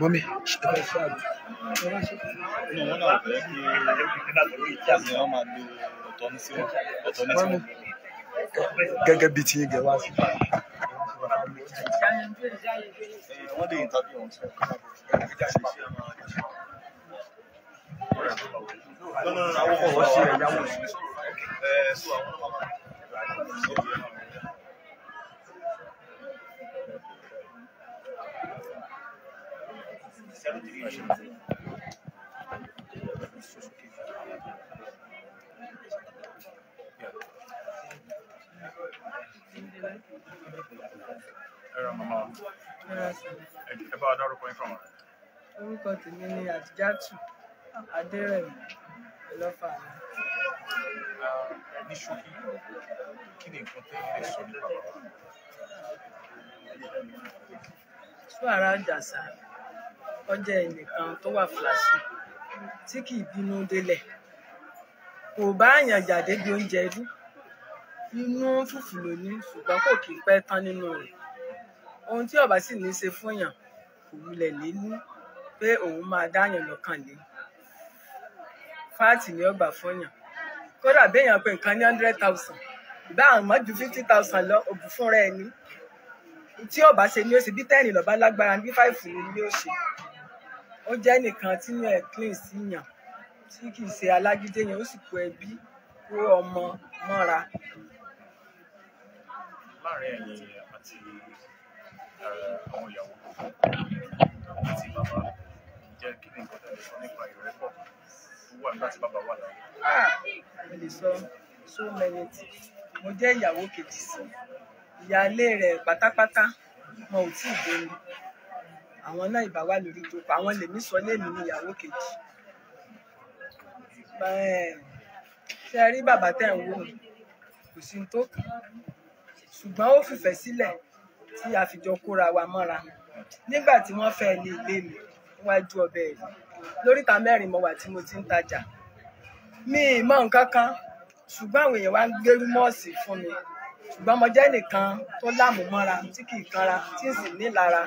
Mọ́mí. Gẹ́gẹ́ bíi ti Yege wá sí. Wọ́n I shouldn't do that. Ẹ̀rọ màmá ẹ bá dárúkọ yín fáwọn. Orúkọ tèmi ni Àdìjátù Adérẹ̀mí Ẹlọ́fà. Ní ṣókí, kí ni nǹkan tẹ́ ilé sọ nípa bàbá? Sùwàrà Jàsà ó jẹ́ ẹnìkan tó wà flashy tí kì í bínú délẹ̀ kò bá àyàn jà débi oúnjẹ rí inú fùfù ló ní ṣùgbọ́n kò kì í pẹ́ tán nínú rẹ̀ ohun tí ọba sì ní í ṣe fún yàn kò wulẹ̀ nínú pé òun máa dáyàn lọ́kàn lé fáàtì ni ọba fún yàn kódà béèyàn pé nǹkan ní hundred thousand ìbá àwọn mọ́ ju fifty thousand lọ òbí fúnra ẹni tí ọba ṣe ni ó ṣe bí tẹ́ẹ̀nì lọ́ba lágbára bí fáìfù ni ó ṣe ó jẹ́ nìkan tí yàn ẹ̀ clean sí yàn tí kì í ṣe alágídé yẹn ó sì kó ẹbí kó ọmọ mọ́ra. láàrin ẹ̀yin àti àwọn ìyàwó àti bàbá jẹ́ kí ni nǹkan tẹ̀lé sọ nípa ìrẹ́pọ̀ tó wà nígbà tí bàbá wà láyé. Ah, mo lè sọ so many things mo jẹ́ ìyàwó kejì sí ìyáálé rẹ̀ pátápátá wọn ò tí ì dé mi àwọn náà ìbá wà lórí ìjókòó àwọn lèmi sọ lémi ní ìyàwó kejì ṣe rí bàbá tẹ̀ ń wò kò sí ní tó ṣùgbọ́n ó fìfẹ́ sílẹ̀ tí a fi jọ kóra wa mọ́ra nígbà tí wọ́n fẹ́ lé ilé mi níwájú ọbẹ̀ rẹ̀ lóríta mẹ́rin mo wà tí mo ti ń tajà mi mọ nǹkan kan ṣùgbọ́n àwọn èèyàn wá ń gbérú mọ́ọ̀sì fún mi ṣùgbọ́n mo jẹ́ nìkan tó láàmú mọ́ra tí kì í kanra tí sì nílara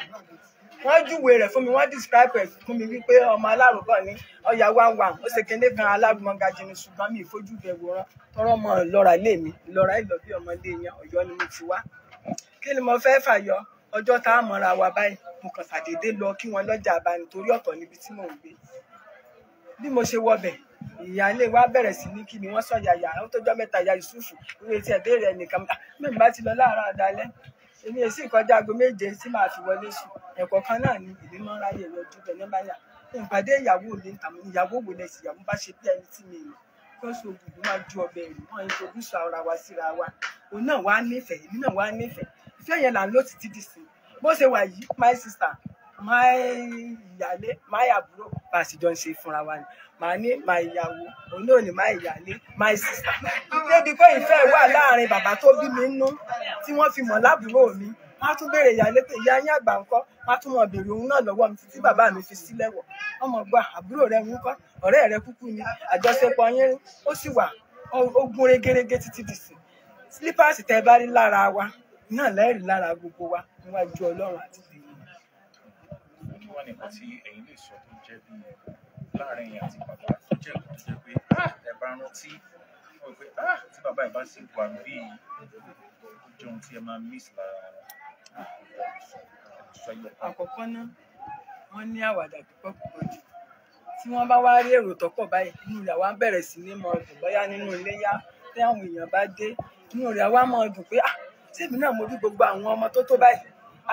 wọ́n júwe rẹ̀ fún mi wọ́n describe ẹ̀ fún mi wípé ọmọ alárùkọ ní ọ̀yà wá wà ó ṣe kéde kan alágbọ̀ngàjì ni ṣùgbọ́n mi ìfojú bẹ̀ wòran tọrọ ọmọ ìlọra ilé mi ìlọra ìlọ bí ọmọ ilé yẹn ọ̀yọ́ ni mo ti wá. kí ni mo fẹ́ fàyọ ọjọ́ tá a mọ̀ra wa báyìí mo kàn ṣàdédé lọ kí wọ́n lọ́jà abani torí ọ̀tọ̀ níbi tí mò ń gbé. bí mo ṣe wọbẹ̀ ìyáálé wa bẹ̀rẹ̀ sí ní kí ni wọ́n sọ yàyà àwọn tó mẹ́ta ya Yusufu ìwé tí ẹ̀ bẹ́ẹ̀ ah, mẹ́rin bá ti lọ láàárọ̀ àdálẹ́ èmi èsì ìkọjá aago méje tí màá fi wọlé sùn ẹ̀kọ́ kan náà ni èmi máa ń ráyè yọjú bẹ̀ ní báyà ìpàdé ìyàwó mi tàmí ìyàwó wo lẹ́sìn ìyàwó bá ṣe bí ẹni tí mi mọ̀ kí wọ́n ṣe ògùn máa ju ọbẹ̀ rẹ̀ wọ́n introduce ara wa síra wa òun náà wá nífẹ̀ẹ́ èmi náà wá nífẹ̀ẹ́ ìfẹ́ yẹn là ń lò títí dì sí bó ṣe wà yìí my sister my ìyálé my àbúrò bá a sì jọ ń ṣe fúnra wa ni màá ní my ìyàwó òun náà ní my ìyálé my sister débi pé ìfẹ́ wà láàrin bàbá tó bí mi nú tí wọ́n fi mọ̀ lábúrò mi wọ́n á tún béèrè ìyálé pé ìyá yín àgbà ńkọ́ wọ́n á tún mọ̀ béèrè òun náà lọ́wọ́ mi títí bàbá mi fi sílẹ̀ wọ̀ ọmọ gba àbúrò rẹ ń kọ́ ọ̀rẹ́ rẹ kúkú ni àjọṣepọ̀ yín ó sì wà ogun regerege títí dìsì slippers tẹ bá rí lára wa náà lẹ́rìí lára gbogbo wa níwájú ọlọ́run àti ìdílé. wọ́n ní nǹkan tí ẹ̀yin lè sọ tó jẹ́ bí láàrin èèyàn àti bàbá tó jẹ́ kó tó jẹ́ pé ah, ẹ bá rántí wọ́n pé ah, tí bàbá ẹ̀ bá sì wà bí jẹ́ ohun tí ẹ máa miss lára àkọ́kọ́ náà wọ́n ní àwàdà púpọ̀ púpọ̀ jù tí wọ́n bá wá rí èrò tọ́pọ̀ báyìí inú rẹ̀ wá bẹ̀rẹ̀ sí ní mọ ọdún bóyá nínú iléyá tí àwọn èèyàn bá dé inú rẹ̀ wá mọ ọdún pé sèmi ah, náà mo rí gbogbo àwọn ọmọ tó tó báyìí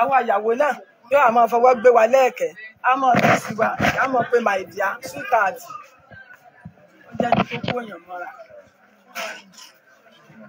àwọn àyàwó náà yóò máa fọwọ́ gbé wa lẹ́ẹ̀kẹ́ a mọ̀ lọ sí wa a mọ̀ my dear sweetheart ó jẹ́ ní kókó èèyàn mọ́ra. Thank you.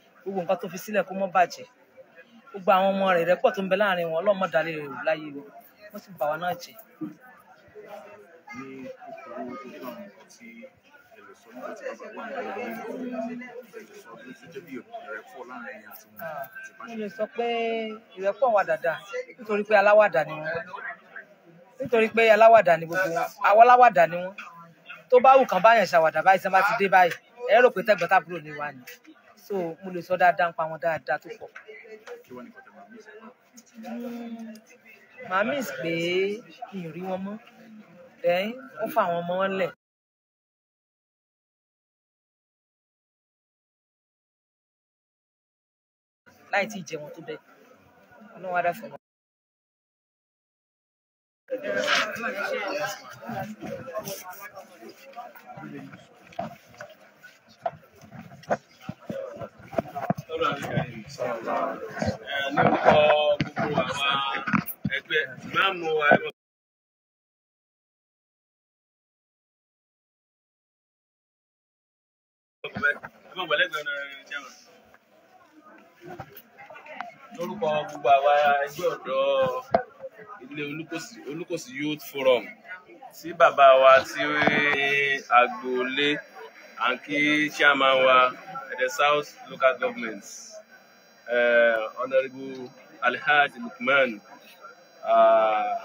gbogbo nǹkan tó fi sílẹ̀ kó mọ́ bàjẹ́ gbogbo àwọn ọmọ rẹ̀ rẹ́pọ̀ tó ń bẹ láàrin wọn ọlọ́mọ dalẹ̀ rẹ̀ láyé wọn wọ́n sì bà wá náà jẹ́. mo lè sọ pé ìrẹ́pọ̀ wà dáadáa nítorí pé aláwàdà ni wọ́n nítorí pé aláwàdà ni gbogbo wọn àwọn aláwàdà ni wọ́n tó bá wù kán báyẹn ṣàwàdà báyìí tí wọ́n bá ti dé báyìí ẹ rò pé tẹ́gbọ́n tàbúrò ni wà ní so mo lè sọ dáadáa ń pa wọn dáadáa tó pọ̀. Hmm, màá miss pé mi ò rí wọn mọ́ then ó fà wọn mọ́ wọn lẹ̀. láì tí ì jẹ wọn tó bẹ Ọlọ́run á dá fún Thank you. Nípa gbogbo àwọn Lórúkọ gbogbo àwa ẹgbẹ́ ọ̀dọ́ ilé Olúkòsì Youth Forum tí bàbá wa tí agboolé à ń chairman wa the south local government uh, honourable alhaji lukman uh,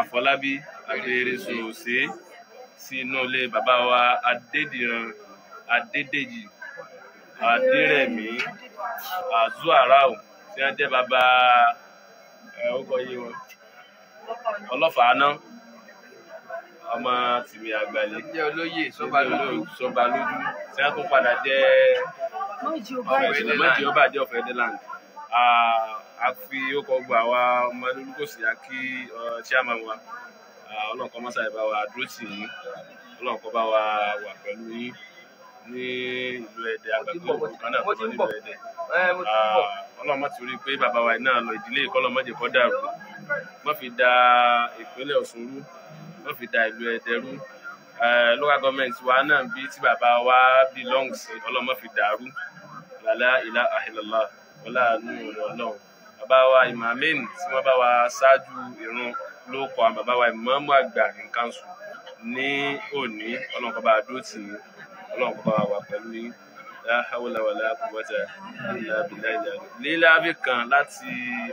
afọlábí abẹrẹsọsẹ sí inú ilé wa adédìran adédèjì adiremi azuarao tí wọn jẹ bàbá ẹ uh, ó kọ yé wọn ọlọfàá náà ọmọ tìmí àgbàlẹ jẹ olóyè sọbalójú sọbalójú tí wọn tún padà jẹ mọjì ọba jẹ ọfẹ deland a fi ókọ gba àwa ọmọ olùkọsí a kí uh, chairman wa ọlọ́nkọ́ mọ́sá ìbá wa dúró tì yín ọlọ́nkọ́ bá wa wà pẹ̀lú yín ní ìlú Ẹdẹ àgbàgbé òkúkan náà tó nílùú Ẹdẹ ọlọ́mọ ti rí i pé bàbá wa náà lọ ìdílé ìkọlọ́mọdé kọ́ dàrú wọ́n fi da ìpínlẹ̀ Ọ̀ṣun rú wọn fi da ìlú Ẹdẹ rú local government wa náà bí tí bàbá wa belong sí ọlọmọ fi dàrú lálá ìlà àhìlọlá ọláàánú Ọlọ́run bàbá wa imamin tí wọn bá wa ṣáájú ìrun ló kọ àwọn bàbá wa ìmọ̀ọ́mù àgbà ní kanṣu ní òní Ọlọ́run kó bá dúró tì yín Ọlọ́run kó bá wà pẹ̀lú yín la hawla wala quwwata illa billahi líláàbì kan láti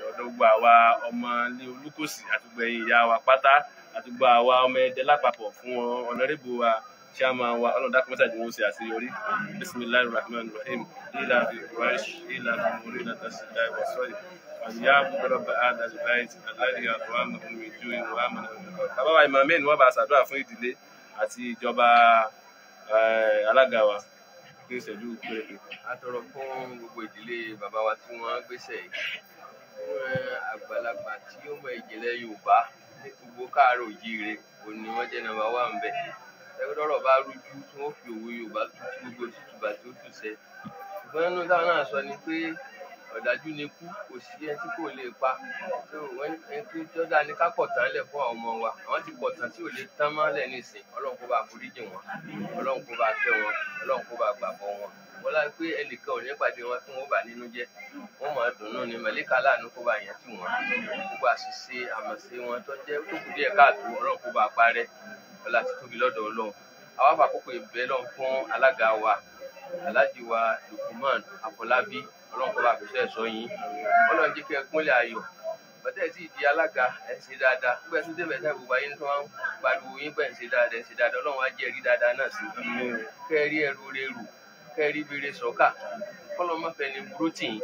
ọ̀dọ̀ gbogbo àwa ọmọ ilé Olúkòsì àti ìyá wa pátá àti gba àwa ọmọ ẹdẹ lápapọ̀ fún ọ̀nàrẹ́bù wa ṣáàmà wa ọlọ́dà kọ́mọ́tà ni wọ́n ṣe àṣeyọrí bisimilahi rahman rahim ila fi quraish ila fi mori na tasila wa sọyìn wàyà a àdàlù báyìí aláìrí àtọwà mọ̀kún mi ju ìwà àmọ̀nà ìkọ̀. bàbá wa ìmọ̀ mẹ́rin wọ́n bá ṣàdúrà fún ìdílé àti ìjọba eh, alága wa ní ìṣẹ́jú péréte. a tọrọ fún gbogbo ìdílé bàbá wa tí wọ́n gbéṣẹ́ yìí fún eh, àgbàlagbà tí ó mọ ìjìnlẹ̀ Yorùbá gbogbo káàárọ̀ òjíire òun ni wọ́n jẹ́ nọ́mbà wà ń bẹ̀ tẹ́gbẹ́dọ́rọ̀ bá rújú tí wọ́n fi òwe Yorùbá tu tí gbogbo tútù bá tó tù sẹ́ ṣùgbọ́n nínú táwọn náà sọ ni pé ọ̀dájú ni kú kò sí ẹni tí kò lè pa ẹni tí ó dáa ní ká pọ̀tàn lẹ̀ fún àwọn ọmọ wa àwọn ti pọ̀tàn tí ò lè tán mọ́lẹ̀ nísìn Ọlọ́run kó bá foríjì wọn Ọlọ́run kó bá fẹ́ wọn Ọlọ́run kó bá gbàgbọ́ wọn wọ́n láti pé ẹnìkan ò ní pàdé wọn tí wọ́n bá nínú jẹ́ wọ́n máa dùnnú ni mẹ̀lẹ́kà láàánú kó bá yẹn tì wọ́n gbogbo àṣìṣe àmọ̀ṣe wọn tó jẹ́ tó kù díẹ̀ káàtó ọlọ́run kó bá parẹ́ ọlá ti tóbi lọ́dọ̀ ọlọ́run àwa fàkókò ìbẹ́ lọ́n fún alága wa aláàjì wa Lukuman Afọlábí ọlọ́run kó bá fi sẹ́ẹ̀ yín ọlọ́run jẹ́ kí ẹ kúnlẹ̀ ayọ̀ bàtẹ́ tí ìdí alága ẹ̀ ṣe dáadáa gbogbo ẹ̀sìn tẹ̀mẹ̀ tẹ̀ gbogbo ayé tó ń pariwo yín bẹ́ẹ̀ ṣe dáadáa ẹ̀ ṣe dáadáa ọlọ́run á jẹ́ ẹ̀rí dáadáa náà sí kẹ́ ẹ rí ẹrú rẹ̀ rù kẹ́rí bèrè sọ́kà kọ́lọ́mọ́fẹ́ ni búrótìn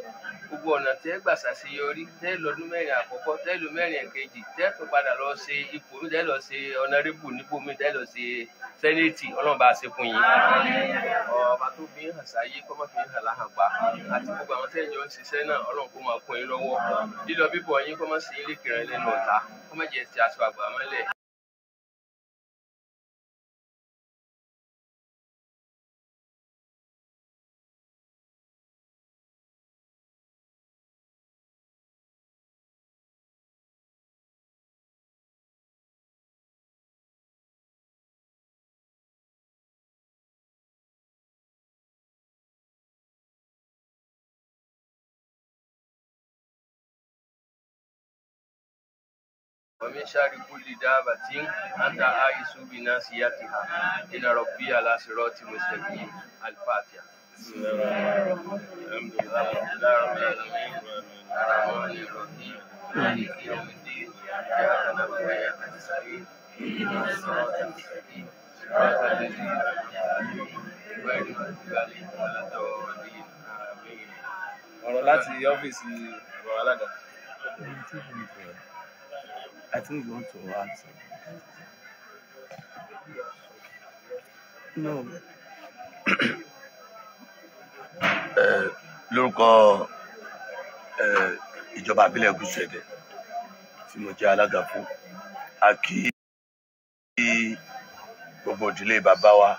gbogbo ọ̀nà tẹ́ gbà ṣàṣeyọrí tẹ́ lọ́dún mẹ́rin àkọ́kọ́ tẹ́ lọ mẹ́rin ẹ̀kejì tẹ́ tó padà lọ ṣe ipò mi tẹ́ lọ ṣe ọ̀nàrẹ́bù nípò mi tẹ́ lọ ṣe sẹ́nẹ́tì ọlọ́run bá ṣe fún yín. ọba tó fi ń hàn sáyé kọ́ máa fi ń hàn láhàgbà àti gbogbo àwọn tẹ́ ìjọ ń ṣiṣẹ́ náà ọlọ́run kó máa kún yín lọ́wọ́ lílọ bíbọ̀ yín kọ́ máa ṣe ilé kìrìn lẹ́nu ọ̀tá kọ́ máa jẹ́ ti aṣọ ومن شر كل دابة أنت عائس بناصيتها إن ربي على صراط مستقيم الفاتحة بسم الله الحمد لله رب العالمين الرحمن الرحيم مالك يوم الدين إياك نعبد وإياك نستعين اهدنا الصراط المستقيم صراط الذين أنعمت عليهم غير المغضوب عليهم ولا الضالين آمين. ọ̀rọ̀ láti ọ́fíìsì ọ̀rọ̀ alága. I think you want to add something. No. Eh, lórúkọ eh, ìjọba àbílẹ̀ gúúsù Ẹdẹ tí mo jẹ́ alága fún a kí gbogbo ìdílé bàbá wa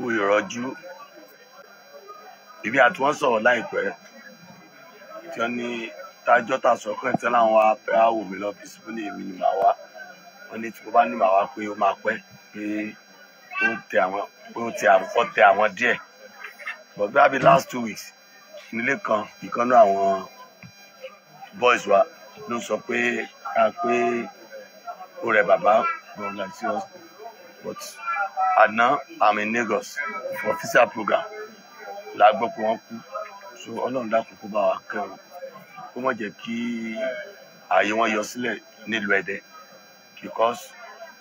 kú ìrọ́jú ibi àti wọ́n sọ̀rọ̀ láìpẹ́ tí wọ́n ní tájọ́ tà sọ kàn tí wọ́n láwọn wá pẹ́ àwò mi lọ bíi sípò ní èmi ni màá wá wọ́n ní tí mo bá ní màá wá pé ó máa pẹ́ pé ó tẹ àwọn pé ó tẹ àkọ́kọ́ tẹ àwọn díẹ̀ but bí abi last two weeks nílé kan ìkànnú àwọn boys wa ló sọ pé a pé ó rẹ bàbá gbọ̀ngàn sí us but. And now I'm in Lagos for visa program la gbọ́ pé wọ́n kú so ọlọ́run dákun kó bá wa kẹ́ wọn kó má jẹ́ kí ààyè wọn yọ sílẹ̀ nílùú Ẹdẹ because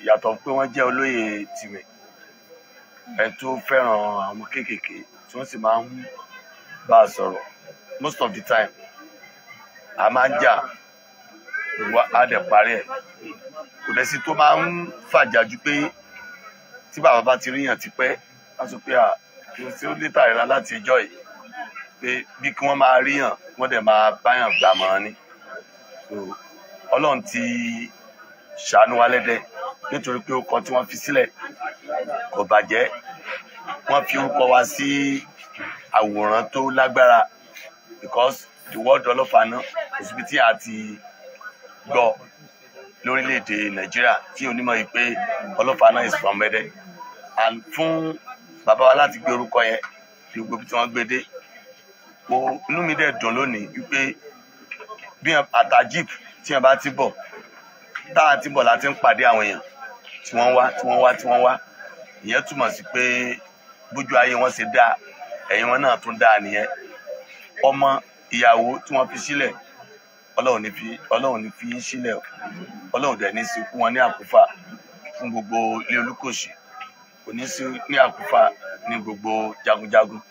yàtọ̀ pé wọ́n jẹ́ olóyè tìmẹ̀ ẹ tó fẹ́ràn àwọn kéékèèké tí wọ́n sì máa ń bá a sọ̀rọ̀ most of the time a máa ń jà ìwà á dẹ̀ parí ẹ̀ kò dẹ̀ sí tó máa ń fàjà ju pé tí bàbá bá ti ríyàn ti pẹ́ wọ́n sọ pé à kò sí ó lè tàríra láti ẹjọ́ yìí pé bí kí wọ́n máa ríyàn wọ́n dẹ̀ máa báyàn gbà mọ́ ni ọlọ́run ti ṣàánú wa lẹ́dẹ̀ nítorí pé orúkọ tí wọ́n fi sílẹ̀ kò bàjẹ́ wọ́n fi orúkọ wa sí àwòrán tó lágbára because the world ọlọ́fàáná òsibítì àti gbọ́ lórílẹ̀‐èdè nàìjíríà tí onímọ̀ yìí pé ọlọ́fàáná is from Ẹdẹ à ń fún bàbá wa láti gbé orúkọ yẹn fi gbogbo tí wọ́n gbé dé mo inú mi dẹ̀ dùn lónìí wípé bí àtàjìp tí wọ́n bá ti bọ̀ tá a ti bọ̀ láti ń pàdé àwọn èèyàn tí wọ́n wá tí wọ́n wá tí wọ́n wá ìyẹn túmọ̀ sí pé bójú ayé wọn ṣe dáa ẹ̀yìn wọn náà tún dáa nìyẹn ọmọ ìyàwó tí wọ́n fi sílẹ̀ ọlọ́run ní fi ọlọ́run ní fi yín sílẹ̀ ọlọ́run dẹ̀ ní í sìnkú wọn ní àkúfà fún gbogbo ilé olúkòṣì kò ní sí ní àkúfà ní gbogbo jagunjagun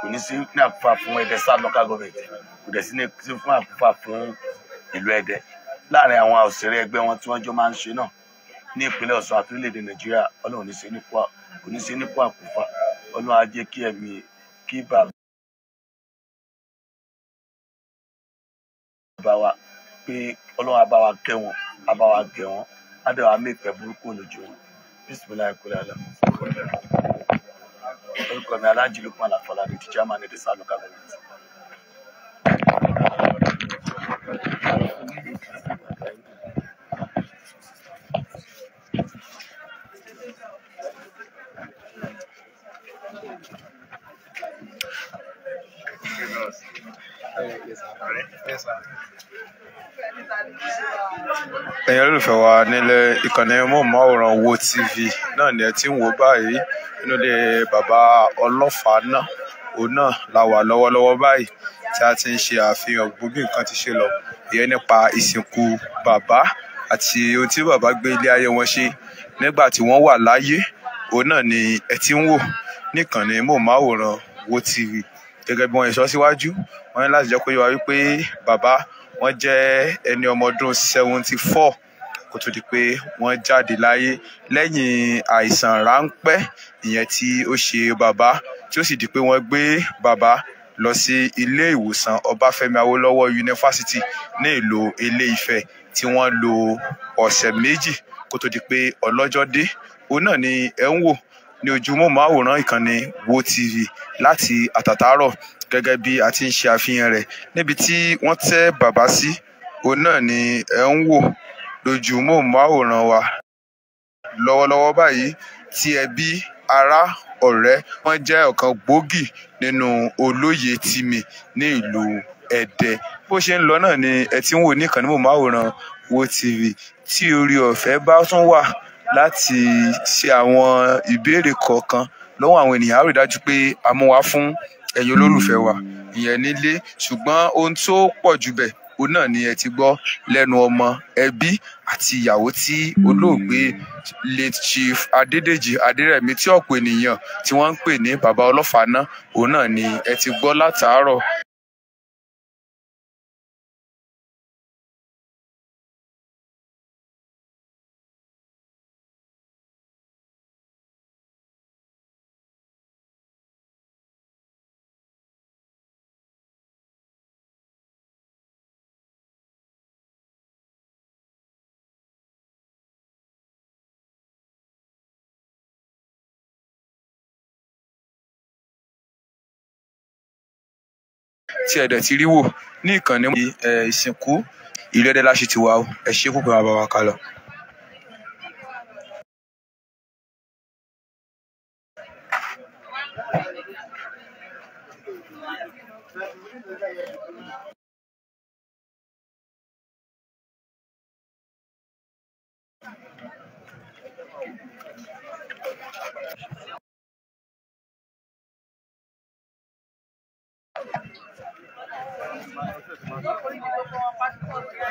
kò ní sí ní àkúfà fún ẹdẹ south local government kò dẹ̀ sí ní sí fún àkúfà fún ìlú ẹdẹ láàrin àwọn òṣèré ẹgbẹ́ wọn tí wọ́n jọ máa ń ṣe náà ní ìpínlẹ̀ ọ̀ṣun àti orílẹ̀-èdè nàìjíríà ọlọ́run ní sí nípò kò ní sí nípò àkúfà ọlọ́run á jẹ́ kí ẹ̀mí kí bàbá wa pé ọlọ́run á bá wa kẹ́ wọn á bá wa gẹ̀ wọn á burúkú lójú wọn. bismillah kulala welcome alhaji lukman afalani the chairman of the salo government Yes, sir. Yes, sir. ẹ̀yin olólùfẹ́ wa nílẹ̀ ìkànnì mọ́ọ̀mọ́wòrán wo tv náà ni ẹ ti ń wò báyìí nínú ilé bàbá ọlọ́fà náà òun náà la wà lọ́wọ́lọ́wọ́ báyìí tí a ti ń ṣe àfihàn gbogbo nǹkan ti ṣe lọ ìyẹn nípa ìsìnkú bàbá àti ohun tí bàbá gbé ilé ayé wọn ṣe nígbà tí wọ́n wà láyé òun náà ni ẹ ti ń wò níkànnì mọ́ọ̀mọ́wòrán wo tv gẹ́gẹ́ bí wọ́n ṣe sọ síwájú wọ́n ní láti jẹ́ kó yé wa wípé bàbá wọ́n jẹ́ ẹni ọmọ ọdún seventy four kó tó di pé wọ́n jáde láyé lẹ́yìn àìsàn ráńpẹ́ ìyẹn tí ó ṣe bàbá tí ó sì di pé wọ́n gbé bàbá lọ sí ilé ìwòsàn Ọbáfẹ́mi Awólọ́wọ̀ yunifásitì ní ìlú ilé tí wọ́n lò ọ̀sẹ̀ méjì kó tó di pé ọlọ́jọ́ dé òun náà ni ẹ ń wò ní ojúmọ́ máwòrán ìkànnì wo tv láti àtàtàárọ̀ gẹ́gẹ́ bí a ti ń ṣe àfihàn rẹ̀ níbi tí wọ́n tẹ́ bàbá sí òun náà ni ẹ̀ ń wò lójú móhùnmáwòrán wa lọ́wọ́lọ́wọ́ báyìí tí ẹbí ará ọ̀rẹ́ wọn jẹ́ ọ̀kan gbòógì nínú olóyè tìmì ní ìlú Ẹdẹ bó ṣe ń lọ náà ni ẹ ti ń wò ní ìkànnì móhùnmáwòrán wo tv tí orí ọ̀fẹ́ bá tún wà láti ṣe àwọn ìbéèrè kọ̀ọ̀kan lọ́wọ́ àwọn ènìyàn á rí dájú pé a mú wá fún ẹ̀yin olólùfẹ́ wa ìyẹn nílé ṣùgbọ́n ohun tó pọ̀ jù bẹ́ẹ̀ òun náà ni ẹ ti gbọ́ lẹ́nu ọmọ ẹbí àti ìyàwó tí olóògbé late chief adédèjì adérẹ̀mí tí ọ̀pọ̀ ènìyàn tí wọ́n ń pè ní bàbá ọlọ́fàáná òun náà ni ẹ ti gbọ́ látàárọ̀ tí ẹ̀dẹ̀ ti rí wò ní ìkànnì ìsìnkú ìlú Ẹdẹ la ṣe ti wà o ẹ ṣé púpọ̀ bàbá wa kálọ.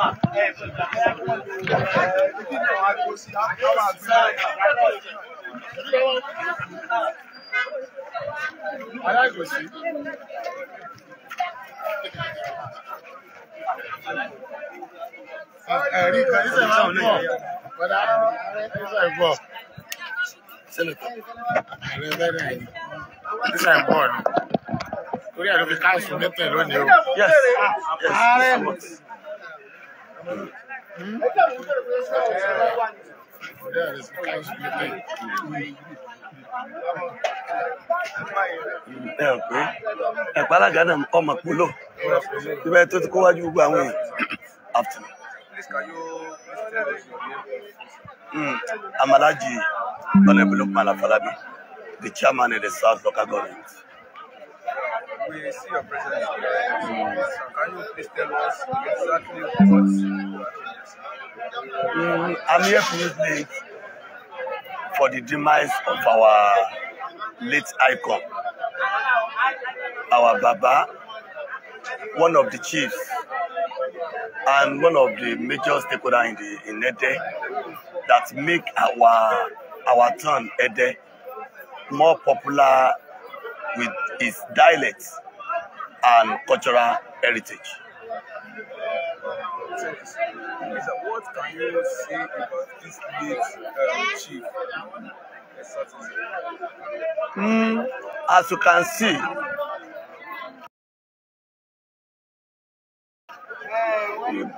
Alágòsí. Ẹ̀rí kan ní sẹ́yìn náà lè yẹ. Bọ́dá ní sẹ́yìn bọ̀. Sẹ́lẹ̀tọ̀. Ààrẹ bẹ́ẹ̀ ni. Ní sẹ́yìn bọ̀ ni. Torí àlọ́ fi káàsì mẹ́tẹ̀ lónìí o. Yes. Ààrẹ ẹ pé ẹ̀pá alága náà ọmọ polo ibẹ̀ tó ti kó wájú gbogbo àwọn èèyàn after. Hmm, Amalaji Balebulu Malafalabi, the chairman of the South local government we see your presence here, so can you please tell us exactly what you are doing? Mm, I'm here presently for the demise of our late icon, our Baba, one of the chiefs and one of the major stakeholders in the in Ede that make our our town Ede more popular with its dialect and cultural heritage. So what can you say about this late um, chief? Mm, as you can see,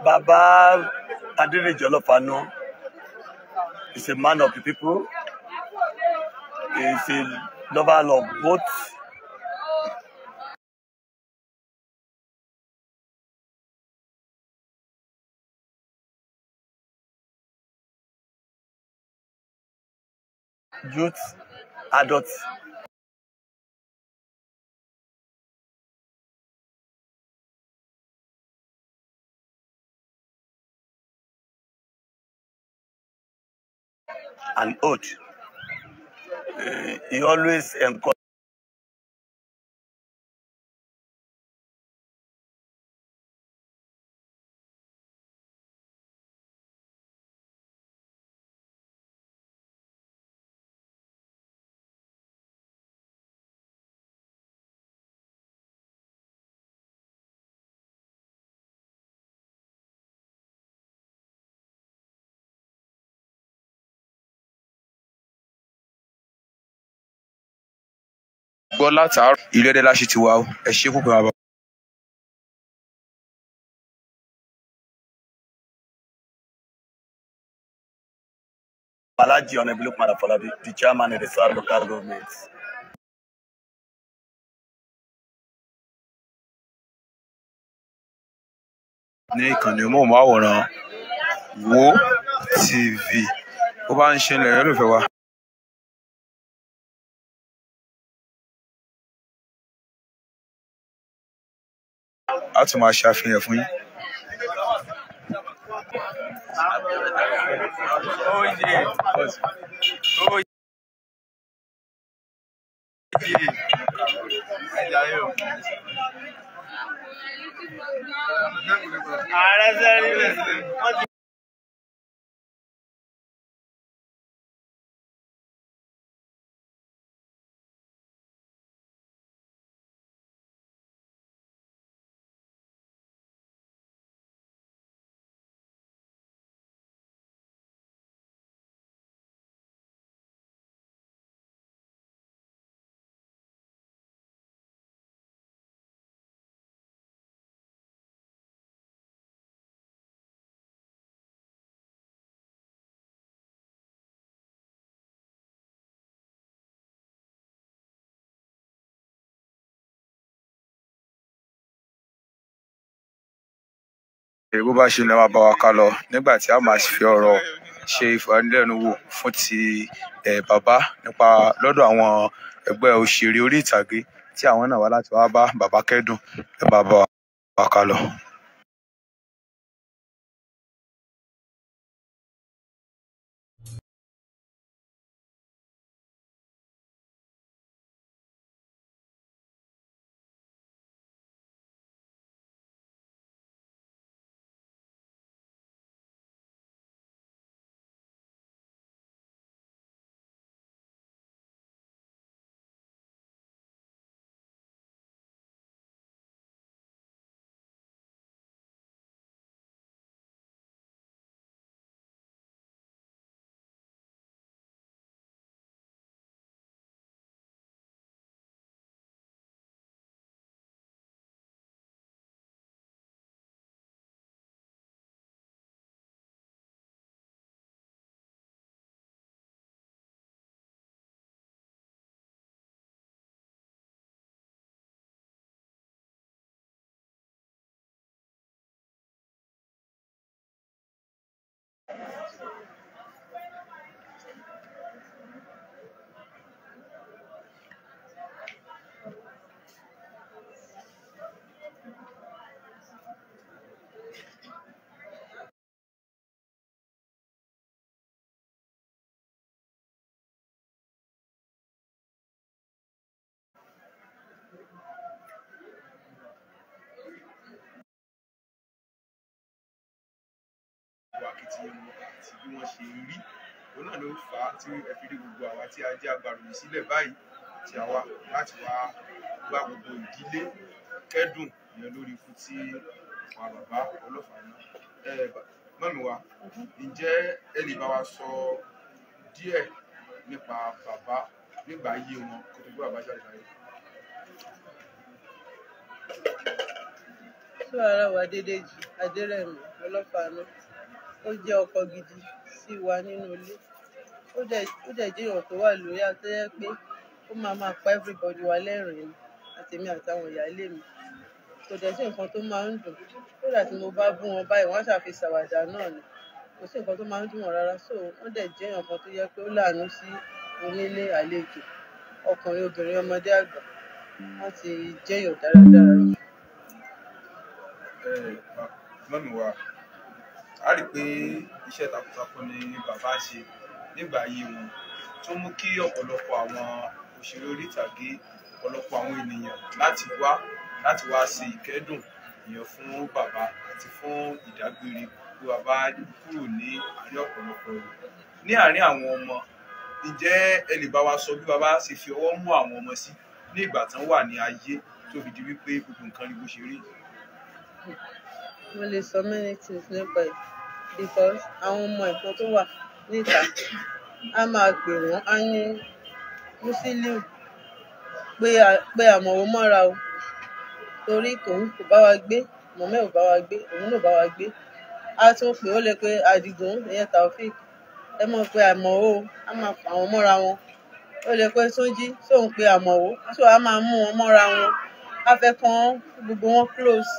Baba Adele Jolofano is a man of the people. He's is a ló bá lọ vote. youth adult. and old. he always encouraged gbọ́ látàárọ̀ ìrẹ́dẹ́ láṣẹ ti wá o ẹ ṣe púpọ̀ bàbá. Alaji Honorable Lukman Afolabi, the chairman of the SAR local government. Ní ìkànnì mọ́ọ̀mọ́ àwòrán Wo TV, ó bá ń ṣẹlẹ̀ lólùfẹ́ wa. a tún máa ṣàfihàn fún yín. Oh yeah. èrè bó bá ṣe lọ máa bá wa ká lọ nígbà tí a máa fi ọ̀rọ̀ ṣe ìfọ̀rọ̀lẹ́nuwò fún ti bàbá nípa lọ́dọ̀ àwọn ẹgbẹ́ òṣèré orí ìtàgé tí àwọn náà wá láti wá bá bàbá kẹ́dùn ẹ bá bá wa ká lọ. àti ewu àti bí wọ́n ṣe rí òun náà ló fà á tí ẹ fi rí gbogbo àwa tí a jẹ́ agbáròyìn sílẹ̀ báyìí tí a wá láti wá gba gbogbo ìdílé kẹ́dùn yẹn lórí ikú tí àwọn bàbá ọlọ́fàá náà ẹ mọ́mí wa ǹjẹ́ ẹ lè bá wa sọ díẹ̀ nípa bàbá nígbà ayé wọn kó tó gbé bàbá jáde láyé. sọ ara wa dédé jù adérẹ̀mí ọlọ́fàá náà ó jẹ́ ọkọ gidi sí wa nínú ilé ó dẹ̀ jẹ́ èèyàn tó wà lóyà tó yẹ pé ó máa máa pa everybody wa lẹ́rìn-ín àtèmi àtàwọn ìyáálé mi kò dẹ̀ sí nǹkan tó máa ń dùn kódà tí mo bá bú wọn báyìí wọ́n ṣàfi ṣàwàdà náà ni kò sí nǹkan tó máa ń dùn wọn rárá so wọ́n dẹ̀ jẹ́ èèyàn kan tó yẹ pé ó láàánú sí onílé àlejò ọkùnrin obìnrin ọmọdé àgbà wọ́n ti jẹ́ èèyàn dáradára. ẹ ẹ mọ́mí wa a rí i pé iṣẹ́ takuntakun ni bàbá ṣe nígbà ayé wọn tó mú kí ọ̀pọ̀lọpọ̀ àwọn òṣèré orí ìtàgé ọ̀pọ̀lọpọ̀ àwọn ènìyàn láti wá láti wá ṣe ìkẹ́dùn ìyẹn fún bàbá àti fún ìdágbére bí bàbá kúrò ní àárín ọ̀pọ̀lọpọ̀ ẹ̀rọ ní àárín àwọn ọmọ ǹjẹ́ ẹ lè bá wa sọ bí bàbá ṣe fi ọwọ́ mú àwọn ọmọ sí ní ìgbà tán wà ní ayé tó fi di wípé gbogbo nǹkan rí bó ṣe rí mo lè sọ many things nípa ẹ̀ because àwọn ọmọ ẹ̀kọ́ tó wà níta á máa pè wọ́n á ní Musiliu pé àmọ̀wò mọ́ra o torí tòun kò bá wa gbé mọ̀mẹ́ ò bá wa gbé òun náà bá wa gbé á tún pè ó lè pé Àdìgún ìyẹn Taofik ẹ mọ̀ pé àmọ̀wò á máa pa àwọn mọ́ra wọn ó lè pé Túnjí sóun pé àmọ̀wò tó a máa mú wọn mọ́ra wọn á fẹ́ kàn gbogbo wọn close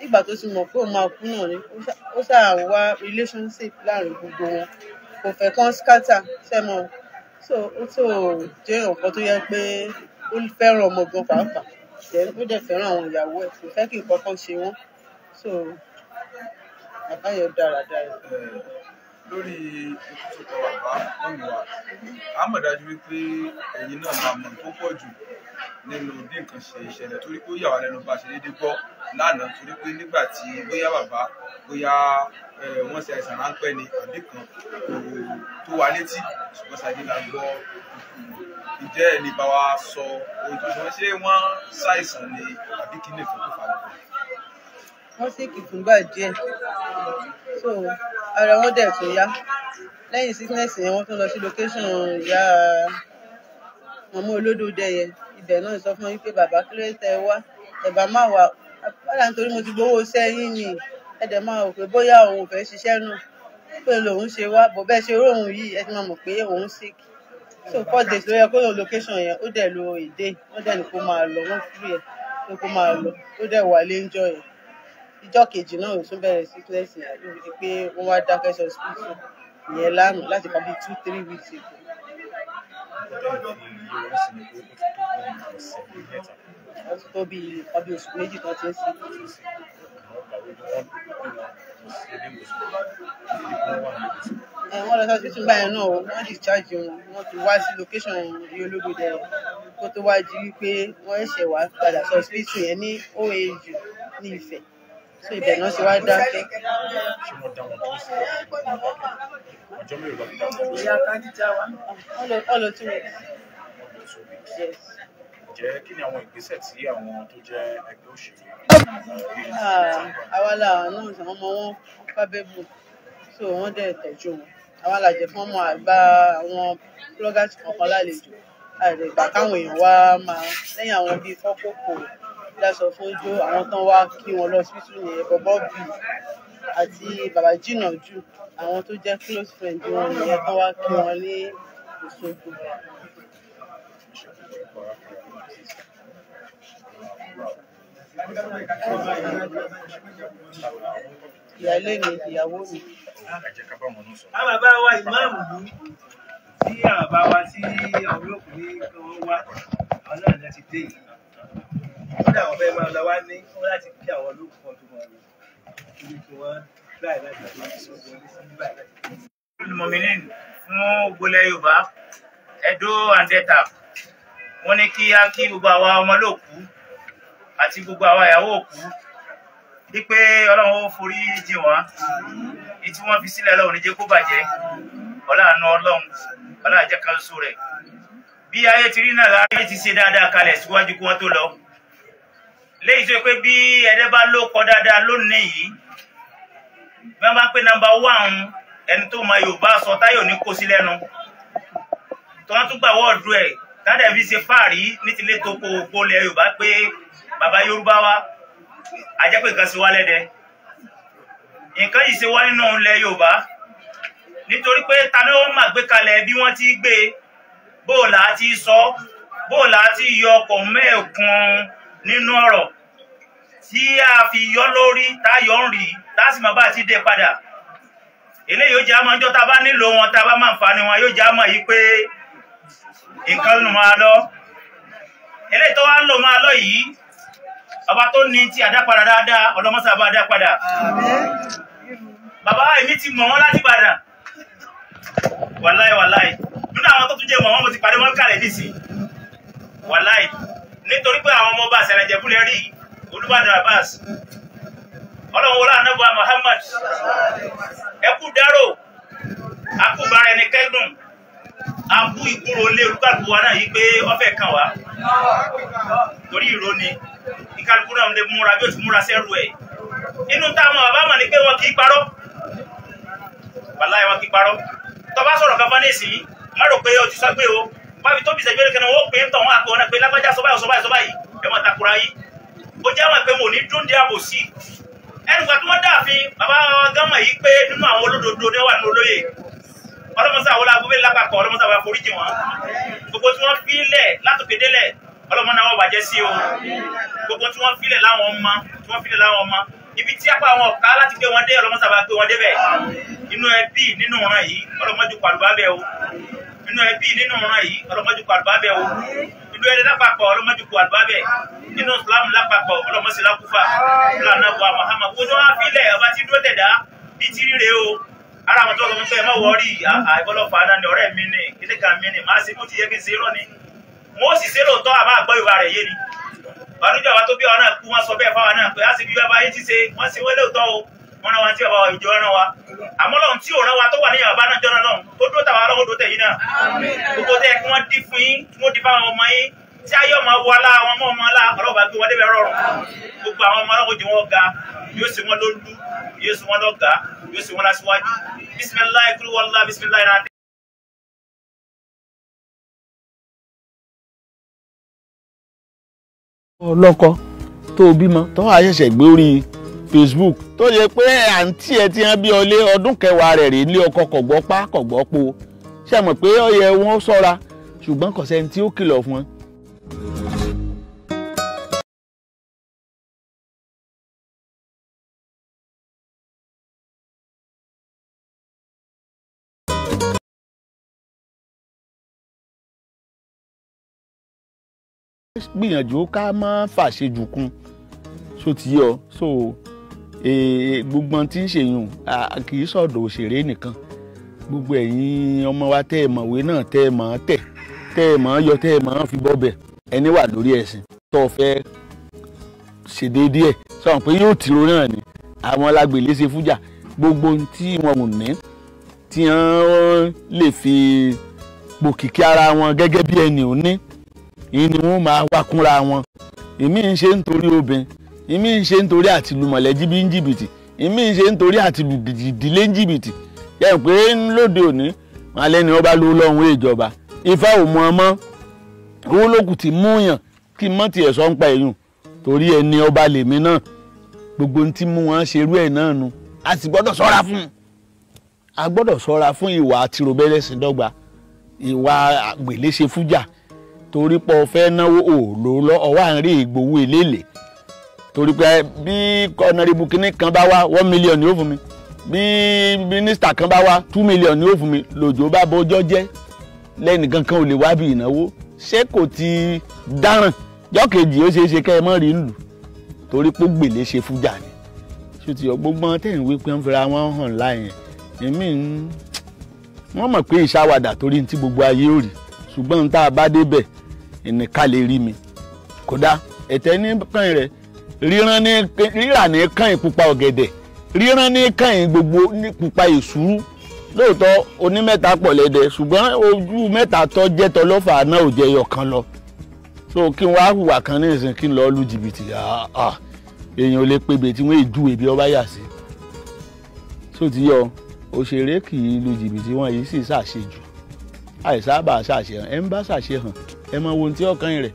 nígbà tó ti mọ̀ pé òun máa kú náà ni ó ṣáà wá relationship láàrin gbogbo wọn kò fẹ́ kán scatter sẹ́mọ̀ so ó tó jẹ́ nǹkan tó yẹ pé ó fẹ́ràn ọmọ gan pàápàá jẹ́ ó dẹ̀ fẹ́ràn àwọn ìyàwó ẹ̀ kò fẹ́ kí nǹkan kan ṣe wọ́n so àbáyọ dáradára. lórí ìkúsọ̀tọ̀ bàbá ọ̀nùwà àmọ̀dájú wípé ẹ̀yin náà máa mọ̀ tó pọ̀ jù nínú bí nǹkan ṣe ṣẹlẹ̀ torí pé ó yà wá lẹ́nu bá ṣe déédéé gbọ́ lánàá torí pé nígbà tí bóyá bàbá bóyá wọ́n ṣe àìsàn ráńpẹ́ ni àbí kan tó wà létí ṣùgbọ́n ṣáájú la gbọ́ ǹjẹ́ ẹni bá wa sọ ohun tó ṣe wọ́n ṣe wọ́n ṣàìsàn ni àbí kí ní ìfún tó fà á. wọ́n sì kì fúngbà díẹ̀ so ara wọn dẹ̀ tó yá lẹ́yìn sickness yẹn wọ́n tún lọ sí location ìyá mọ̀mọ́ olódò dẹ́yẹ ibẹ̀ náà sọ fún wọn wípé bàbá kí ló tẹ wá ẹ̀bà má wà wàhálà nítorí mo ti gbowó sẹ́yìn ni ẹ̀dẹ̀ máa rò pé bóyá òun ò fẹ́ ṣiṣẹ́ náà pé lòun ṣe wá bọ̀ bẹ́ẹ̀ ṣe róhùn yìí ẹ ti máa mọ̀ pé òun sick so four days ló yẹ kó lòun location yẹn ó dẹ̀ lo èdè wọ́n dẹ̀ ní kó máa lọ wọ́n fúri ẹ̀ ní kó máa lọ ó dẹ̀ wà lé ńjọ yẹn ìjọ kejì náà ò tún bẹ̀rẹ̀ sickness yẹn ló fi pé wọ́n wá dákẹ́ sọ hospital ìyẹn lánàá láti pa bí two three weeks ago seven letter. wọ́n ti tó bí ọbẹ̀ oṣù méjì tó ti ń sìn. wọ́n lọ sí hospital báyìí náà wọ́n discharge wọn wọ́n ti wá sí location ìyá ológode ẹ̀rọ kó tó wá di wípé wọ́n ṣẹ̀ wá padà sọ hospital yẹn ní OAU ní Ifẹ̀ so ibẹ̀ náà ti wá dákẹ́. ọjọ́ mélòó lọ́dún dáhùn. wọ́n lọ two weeks. Yes jẹ́ kí ni àwọn ìgbésẹ̀ tí àwọn tó jẹ́ ẹgbẹ́ òṣèlú. Ah, àwa la àwọn náà àwọn ọmọ wọn fábẹ́bù so wọ́n dẹ̀ tọ́jú wọn àwa la jẹ́ fún ọmọ àgbà àwọn bloggers kankan lálejò àìlègbà káwọn èèyàn wá máa lẹ́yìn àwọn bíi fọ́kòkò dáṣọ fún jó àwọn tán wá kí wọn lọ síbítù yẹn bọ́bọ́ bì àti bàbá jìnnà jù àwọn tó jẹ́ close friend wọn nìyẹn tán wá kí wọn ní Òṣogbo. ìyáálé mi ìyàwó mi. a bàbá wa ìmáàmù yìí tí a wa tí ọ̀rọ̀ òkùnrin kan wá àwọn náà ní a ti dé yìí kódà àwọn fẹ́ẹ́ máa lọ wá ní fún láti kí àwọn olóòkùn tó máa lọ níbi tí wọ́n gbà láti tó sọ wọlé sí nígbà láti olùmọ̀mìnín fún gbolẹ̀ Yorùbá Ẹdó and wọ́n ní kí á kí gbogbo àwa ọmọlóòkú àti gbogbo àwa ìyàwó òkú wípé ọlọ́run ó forí jì wọ́n ní tí wọ́n fi sílẹ̀ lọ́wọ́ níjẹ́ kó bàjẹ́ ọláàánú ọlọ́run ọláàjẹ́ kan ṣoṣo rẹ̀ bí ayé ti rí náà láàyè ti ṣe dáadáa kalẹ̀ síwájú kí wọ́n tó lọ léyìí tó pé bí ẹ̀dẹ́ bá ló kọ dáadáa lónìí yìí bí wọ́n bá pé nọ́mbà wán ẹni tó mọ yorùbá sọ táyọ̀ ní kó sí lẹ́nu tí wọ́n tún gbà wọ́ọ̀dù ẹ̀ tádẹ̀ fi ṣe fáàrí ní tilé tó kó gbólẹ̀ yorùbá pé Baba yorùbá wa ajẹ́pẹ́ nǹkan ṣe wá lẹ́dẹ nǹkan yìí ṣe wá nínú ilẹ̀ yorùbá nítorí pé ta ló mà gbé kalẹ̀ bí wọ́n ti gbé bóòlà àti sọ bóòlà àti yọ ọkọ̀ mẹ́ẹ̀kan nínú ọ̀rọ̀ tí a fi yọ lórí tá a yọ ń rí tá a sì máa bá a ti dé padà eléyìí ó jẹ́ àmọ́ ọjọ́ tá a bá nílò wọn tá a bá máa ń ni wọn yóò jẹ́ àmọ́ yìí pé nǹkan nù máa lọ eléyìí tó wá ń lò máa lọ yìí bàbá tó ní ti àdápadà dáadáa ọlọ́mọ́sà bá dápadà bàbá èmi ti mọ̀ wọ́n láti padà wàláì wàláì nínú àwọn tó tún jẹ́ mọ̀ wọ́n mo ti pàdé wọn kàlẹ̀ nísì wàláì nítorí pé àwọn ọmọ ọba àṣẹ̀rẹ̀jẹ̀ fúnlẹ̀ rí Olúbàdàn Abbas ọlọ́run wọlé anábọ̀ Muhammad ẹkú dárò akúbára ẹni kẹ́dùn abú ìkúrò lé olúkàlùkù wa náà yìí pé ọfẹ kan wá torí ìró ni ìkàlùkù náà lè múra bí o ti múra sẹ́rù ẹ̀ inú táwọn bàbá mọ̀ ni pé wọn kì í parọ́ wàláì wọn kì í parọ́ tọba sọ̀rọ̀ kan fún ẹ̀sìn yìí má rò pé o ti sọ pé o má fi tóbi ìṣẹ́jú ẹ̀kẹ́ náà wọ́n pè é tọ̀ wọ́n àpò ọ̀nà pé lágbájá sọ báyìí sọ báyìí sọ báyìí ẹ̀ wọ́n takura yìí ó jẹ́ àwọn ìpẹ́wọ̀n òní dúndé àbòsí ẹnìgbà tí wọ́n dáàfin bàbá gánmọ̀ yìí pé nínú àwọn olódodo ni wà nínú olóyè ọlọ́mọsá àwọn agbóbé lápapọ̀ ọlọ́mọsá àwọn àforíjì wọn gbogbo tí wọ́n filẹ̀ látòkédélẹ̀ ọlọ́mọ náà wọ́n bàjẹ́ sí o gbogbo tí wọ́n filẹ̀ láwọn ọmọ tí wọ́n filẹ̀ láwọn ọmọ ibi tí apá àwọn ọ̀ká láti gbé wọn dé ọlọ́mọsá àwọn agbé wọn débẹ̀ inú ẹbí nínú ọ̀ràn yìí ọlọ́mọdé pàlùbá bẹ́ẹ̀ o inú ẹbí nínú ọ̀ràn yìí ọlọ́mọdé pàlùbá bẹ́ẹ̀ o inú ẹni lápapọ̀ ọlọ́mọdé pàlùbá bẹ́ẹ̀ inú Ìsìlámù lápapọ̀ ọlọ́mọsí lákúfà ọlọ́mọdé pàlùbá bẹ́ẹ̀ ara àwọn tó wà fẹ́ mọ́ wọ́ọ́rì àìbọ́lọ́pàá náà ni ọ̀rẹ́ mi ni kíní kan mi ni màá sí mo ti yẹ kí n ṣe irọ́ ni mo sì ṣe lóòótọ́ àbá àgbọ́ ìwà rẹ̀ yé ni bàdújọ́ wa tó bí ọ̀nà kú wọ́n sọ bẹ́ẹ̀ fáwọn náà pé á sì bí bàbá yín ti ṣe wọ́n ṣe wọ́n lóòótọ́ o wọ́n rán wa tí ọba ìjọ rán wa àmọ́ lọ́run tí ò rán wa tó wà níyàwó bá náà jọ́nà lọ́run tó dúró tàwa lọ́wọ́ dó tẹ̀yìn náà gbogbo tẹ́ kí wọ́n dín fún yín kí wọ́n dín fáwọn ọmọ yín tí ayé ọmọ wọ alá àwọn ọmọ ọmọ alá ọlọ́ba gbé wọn débẹ̀ rọrùn gbogbo àwọn ọmọ ọlọ́wọ́ jẹ wọn ga yóò sì wọn lólu yóò sì wọ́n lọ́gàá yóò sì wọ́n lásìwájú bisimilayi kúrú wọlá bisimilayi rà ọlọ́kọ tó o bímọ tó wàá ṣẹ̀ṣẹ̀ gbé orí Facebook tó yẹ pé àǹtí ẹ ti hàn bí ọlé ọdún kẹwàá rẹ̀ rèé lé ọkọ kọ̀gbọ́ pa kọ̀gbọ́ po ṣe mọ̀ pé ó yẹ wọ́n ṣọ́ra ṣùgbọ́n kọ̀sẹ́ni tí ó kìlọ̀ fún ẹ. gbìyànjú ká má fàṣejù kun so ti yọ so gbogbo tí ń ṣèyùn kì í sọ̀dọ̀ òṣèré nìkan gbogbo ẹ̀yin ọmọ wa tẹ́ ẹ̀ mọ̀wé náà tẹ́ ẹ̀ mọ̀ tẹ̀ tẹ́ ẹ̀ mọ̀ yọ tẹ́ ẹ̀ mọ̀ fi bọ́bẹ̀ ẹni wà lórí ẹ̀sìn tó fẹ́ ṣèdéédé ẹ̀ sọ̀rọ̀ pé yóò tìrò náà ni àwọn alágbèlé ṣe fújà gbogbo tí wọn ò ní tí wọn lè fi pòkìkí ara wọn gẹ́gẹ́ bí ẹni ò ní yìí ni wọ́n máa wá kúnra wọn ìmí ń ṣe nítorí obìnrin ìmí ń ṣe nítorí àti lu mọ̀lẹ́jì bí ń jìbìtì ìmí ń ṣe nítorí àti lu ìdílé ń jìbìtì yẹ pé lóde òní alẹ́ ni wọ́n bá lówó lọ́hùn ìjọba ifá ò mọ ọmọ owó lókù ti mú yàn kí mọ́ tiẹ̀ sọ ń pa èèyàn torí ẹni ọba lèmi náà gbogbo ohun mú wọn ṣerú ẹ̀ náà nu a sì gbọ́dọ̀ sọ́ra fún a gbọ́dọ̀ sọ́ra fún ìwà àtiròbẹ́lẹ́sìn ìwà àgbèléṣe fújà torí pé o fẹ́ náwó ò lò lọ ọwọ́ à ń rí ìgbowó eléèlé torí pé bí ọ̀nàrẹ́bù kínní kan bá wá one million ni ó fún mi bí mínísítà kan bá wá two million ni ó fún mi lòjó bá bọjọ́ jẹ́ lẹ́nìkan kan ò lè wá bí ìnáwó ṣé kò ti dáràn jọ́kejì ó ṣeé ṣe kẹ́ ẹ mọ́ rí lù torí pé gbèlè ṣe fújà ni ṣùtì ọgbọ́gbọ́n tẹ̀yìn wípé ń fira wọn hàn láàyè èmi ń mọ̀ pé ìṣàwàdà torí ní ti gbogbo ayé ò rí ṣùgbọ́n tá a bá débẹ̀ ẹnìkan lè rí mi kódà ẹ̀tẹ́ ní kàn rẹ̀ ríran ní rírà ní kàn pupa ọ̀gẹ̀dẹ̀ ríran ní kàn gbogbo ní pupa ìṣúrú lóòótọ́ onímẹ́ta pọ̀ lẹ́dẹ̀ ṣùgbọ́n ojú mẹ́ta tó jẹ́ tọlọ́fà náà ò jẹyọ kan lọ so kí n wá hùwà kan ní ìsìn kí n lọ lu jìbìtì èèyàn ò lè pebè tí wọ́n èdú èbí ọba yà sí so ti yọ òṣèré kì í lu jìbìtì wọn yìí sì ṣàṣejù àìsábà ṣàṣehàn ẹ ń bá ṣàṣehàn ẹ mọ ohun tí ọkàn rẹ̀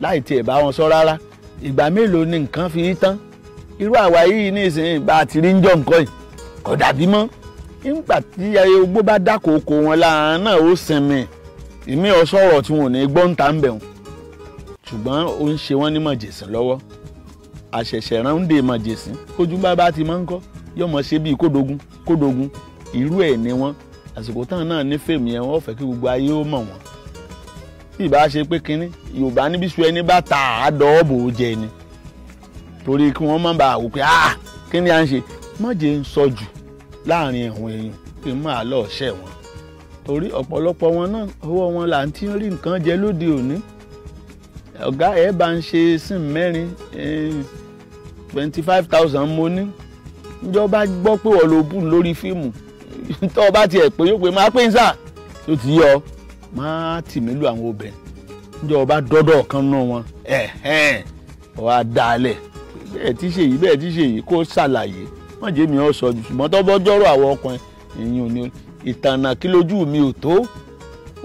láì tiẹ̀ bá wọn sọ rárá ìgbà mélòó ni nǹkan fi tán irú àwa yìí ní ìsìn bá a ti rí ń jọ nǹkan yìí kò dàbí mọ́ nígbà tí ogbó bá dákòókò wọn láàrin náà ó sinmi ìmí ọsọ̀rọ̀ tí wọn ò ní gbọ́ ń ta ń bẹ̀ wọn ṣùgbọ́n ó ń ṣe wọ́n ní mọ̀jẹ̀sìn lọ́wọ́ àṣẹ̀ṣẹ̀ ráńdè mọ̀jẹ̀sìn ojú bàbá ti máa ń kọ́ yọmọ ṣe bíi kódogun kódogun irú ẹ̀ ni wọ́n àsìkò táwọn náà ní fèmí yẹn wọ́n fẹ́ kí gbogbo ayé ó mọ̀ wọ́n tí ì bá ṣe pé kínní yorùbá níbi sùn ẹni bá ta àádọ́ọ̀bù ó jẹ ni torí kí wọ́n má bàa wò pé ah kínní à ń ṣe mọ̀jẹ̀ ń sọ jù láàrin àwọn èèyàn kí n máa lọ ṣẹ̀ wọ́n torí ọ̀pọ̀lọpọ̀ wọn náà owó wọn là ń tí ń rí nǹkan jẹ lóde òní ọ̀gá ẹ̀ bá ń ṣe sìn mẹ́rin eh, twenty five thousand mo ní ìjọba gbọ́ pé wọ́n lo bùn lórí fíìmù tó o bá tiẹ̀ pé yóò pé máa pé ń sà tó ti yọ máa tì mí lu àwọn obìnrin níjọ ọba dọ́dọ̀ kan nù wọn ọba dalẹ̀ bẹ́ẹ̀ tí ṣèyí bẹ́ẹ̀ tí ṣèyí kó ṣàlàyé wọ́n jẹ́ mi ọ̀ sọ jù ṣùgbọ́n tó bọ́ jọ́rọ̀ àwọn ọkùnrin ìyẹn ò ní ìtànà kí lójú mi ò tó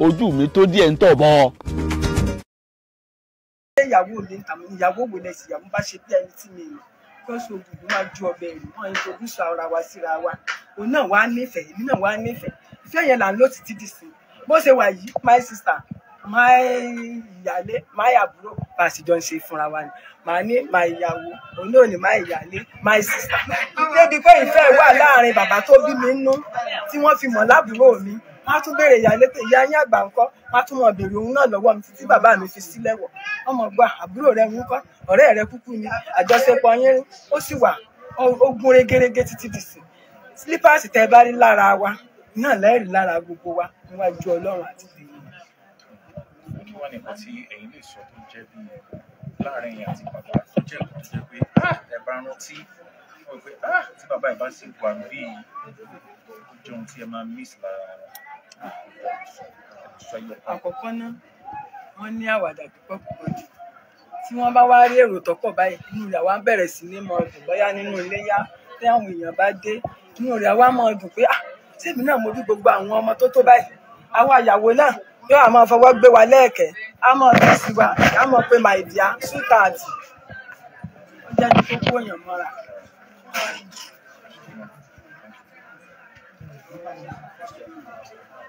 ojú mi tó díẹ̀ ń tọ̀ bọ́ ìyàwó mi ìyàwó wo lẹ ṣìyàwó bá ṣe bí ẹni tí mi mọ̀ kí wọ́n ṣe ògùn máa ju ọbẹ̀ ìlú wọn introduce òun náà wá nífẹ̀ẹ́ èmi náà wá nífẹ̀ẹ́ ìfẹ́ yẹn là ń lò títí dì sí bó ṣe wà yìí my sister my ìyálé my àbúrò bá a sì jọ ń ṣe fúnra wa ni màá ní my ìyàwó òun náà ní my ìyálé my sister débi pé ìfẹ́ wà láàrin bàbá tó bí mi nú tí wọ́n fi mọ̀ lábúrò mi wọ́n á tún béèrè ìyálé pé ìyá yín àgbà ńkọ́ wọ́n á tún mọ̀ béèrè òun náà lọ́wọ́ mi títí bàbá mi fi sílẹ̀ wọ̀ ọmọ gba àbúrò rẹ ń kọ́ ọ̀rẹ́ rẹ kúkú ni àjọṣepọ̀ yín ó sì wà ó gún régérégé títí dìsì slippers tẹ bá rí lára wa náà lẹ́rìí lára gbogbo wa níwájú ọlọ́run àti ìdílé. kí wọ́n ní nǹkan tí ẹ̀yin lè sọ tó jẹ́ bí láàrin ẹ̀yin àti bàbá tó jẹ́ kó jẹ́ pé ah, ẹ bá rántí ah, tí bàbá ẹ̀ bá sì wà bí jẹun tí ẹ máa miss lára àkọ́kọ́ náà wọ́n ní àwàdà púpọ̀ púpọ̀ jù tí wọ́n bá wá rí èrò tọ́pọ̀ báyìí inú rẹ̀ wá bẹ̀rẹ̀ sí ní mọ ọdún bóyá nínú iléyá tí àwọn èèyàn bá dé ní orí àwa máa dùn pé sẹ́mi ah, náà mo rí gbogbo àwọn ọmọ tó tó báyìí àwa ìyàwó náà yóò àmọ́ fọwọ́ gbé wa lẹ́ẹ̀kẹ́ á mọ̀ tẹ̀sí wa á mọ̀ pé my dear sútààtì ó jẹ́ ní kókó èèyàn mọ́ra. Thank you.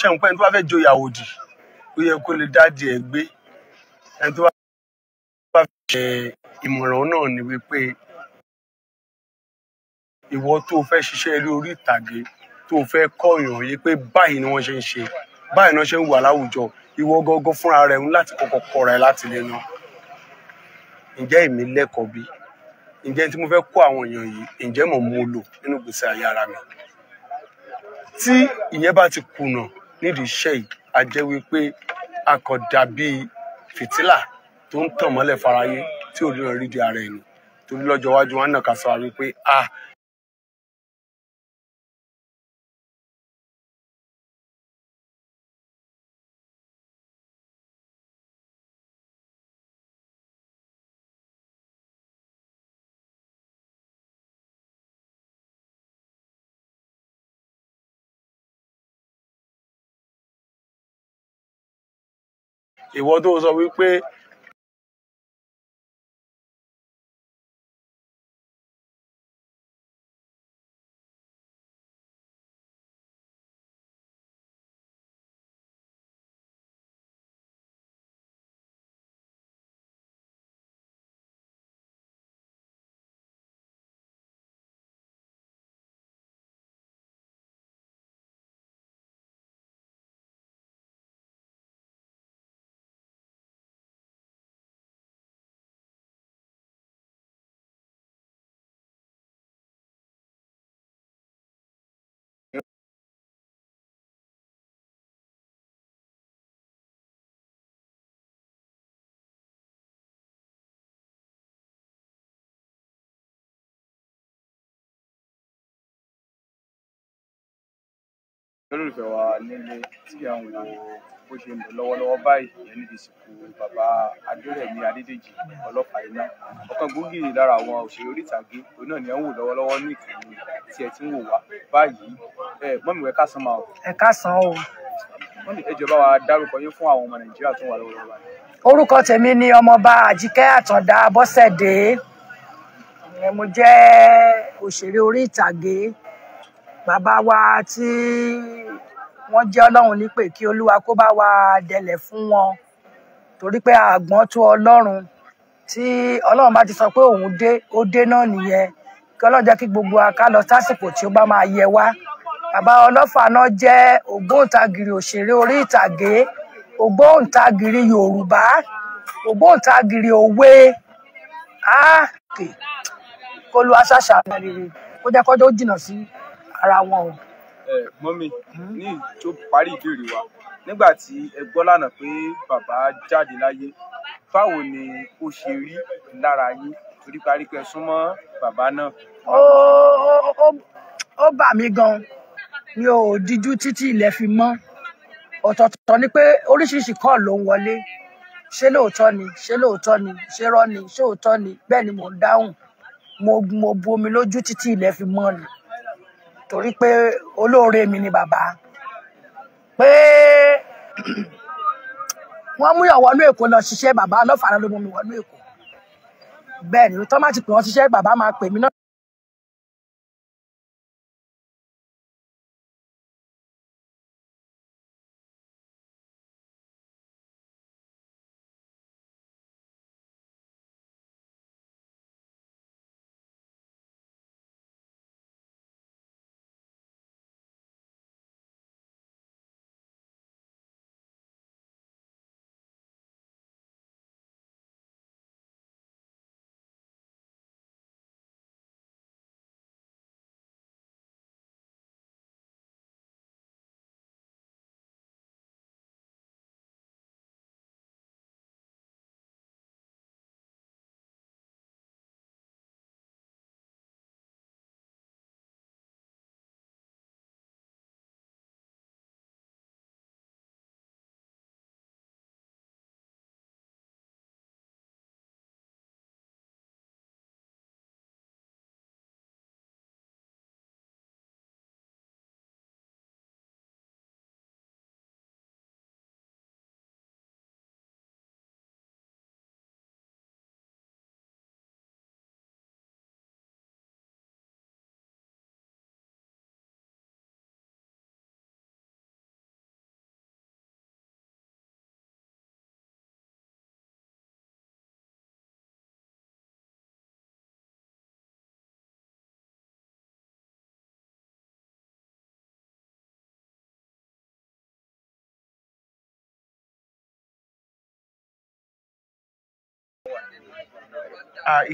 ṣe ń pẹ́ ẹni tó bá fẹ́ joyàwó dì ó yẹ kó lè dáàdì ẹ̀ gbé ẹni tó bá fẹ́ ṣe ìmọ̀ràn náà ni wípé ìwọ tó o fẹ́ ṣiṣẹ́ eré orí ìtàgé tó o fẹ́ kọ̀yàn yìí pé báyìí ni wọ́n ṣe ń ṣe báyìí ni wọ́n ṣe ń wà láwùjọ ìwọ gangan fúnra rẹ̀ ń láti kọ́kọ́ kọ́ ra láti lè ná ǹjẹ́ èmi lẹ́kọ̀ọ́ bí ǹjẹ́ tí mo fẹ́ kó àwọn èèyàn yìí ǹjẹ́ mò ń lò nínú gbèsè ayé ara mi tí ìyẹn bá ti kùnà nídìí iṣẹ́ yìí a jẹ́ wípé a kò dàbí fìtílà tó ń tàn mọ́lẹ̀ fáráyé tí òun náà rí di torí lọ́jọ́ iwájú wọn náà kà sọ wípé ah ìwọ tó sọ wípé olólùfẹ́ wa nílé tí à ń wo bó ṣe ń lọ lọ́wọ́lọ́wọ́ báyìí ìyẹn níbi ìsìnkú bàbá adérẹ̀mí adédèjì ọlọ́pàá iná ọ̀kan gbòógì lára àwọn òṣèré orí ìtàgé òun náà ni ẹ ń wò lọ́wọ́lọ́wọ́ ní ìkànnì tí ẹ ti ń wò wá báyìí ẹ mọ́mí ẹ kásán máa o. ẹ kásán o. wọ́n ní ẹjọ́ bá wa dárúkọ yín fún àwọn ọmọ nàìjíríà tó wà lọ́wọ́lọ́wọ́ orúkọ tèmi ni ọmọọba àjíkẹ́ àtàndá bọ́sẹ̀dé mo jẹ́ òṣèré orí ìtàgé bàbá wa tí wọ́n jẹ́ ọlọ́run nípè kí olúwa kó bá wa dẹlẹ̀ fún wọn torí pé àgbọ́n tó ọlọ́run tí ọlọ́run bá ti sọ pé òun dé ó dé náà nìyẹn kí ọlọ́run jẹ́ kí gbogbo aká lọ sásìkò tí ó bá máa yẹ wá bàbá ọlọ́fà náà jẹ́ ògbóǹtagìrì òṣèré orí ìtàgé ògbóǹtagìrì yorùbá ògbóǹtagìrì òwe áàkè kó lu aṣáṣà kó jẹ́ kọ́jọ́ jìnnà sí ara wọn o. ẹ mọ́mí ní tó parí ìbéèrè wa nígbà tí ẹ gbọ́ lánàá pé bàbá jáde láyé báwo ni ó ṣe rí lára yín torí parí pé súnmọ́ bàbá náà. ó ó ó bà mí gan mi ò díjú títí ilẹ̀ fi mọ́ ọ̀tọ̀ọ̀tọ̀ ni pé oríṣiríṣi kọ́ọ̀ ló ń wọlé ṣé lóòótọ́ ni ṣé lóòótọ́ ni ṣé rọ́ ni ṣé òótọ́ ni bẹ́ẹ̀ ni mò ń dáhùn mo bu omi lójú títí ilẹ̀ fi mọ́ ni torí pé olóore mi ni bàbá pé wọ́n mú yàn èkó lọ ṣiṣẹ́ bàbá ọlọ́fàá ló mi wọnú èkó bẹ́ẹ̀ ni tó má wọ́n ṣiṣẹ́ bàbá máa pè mí náà.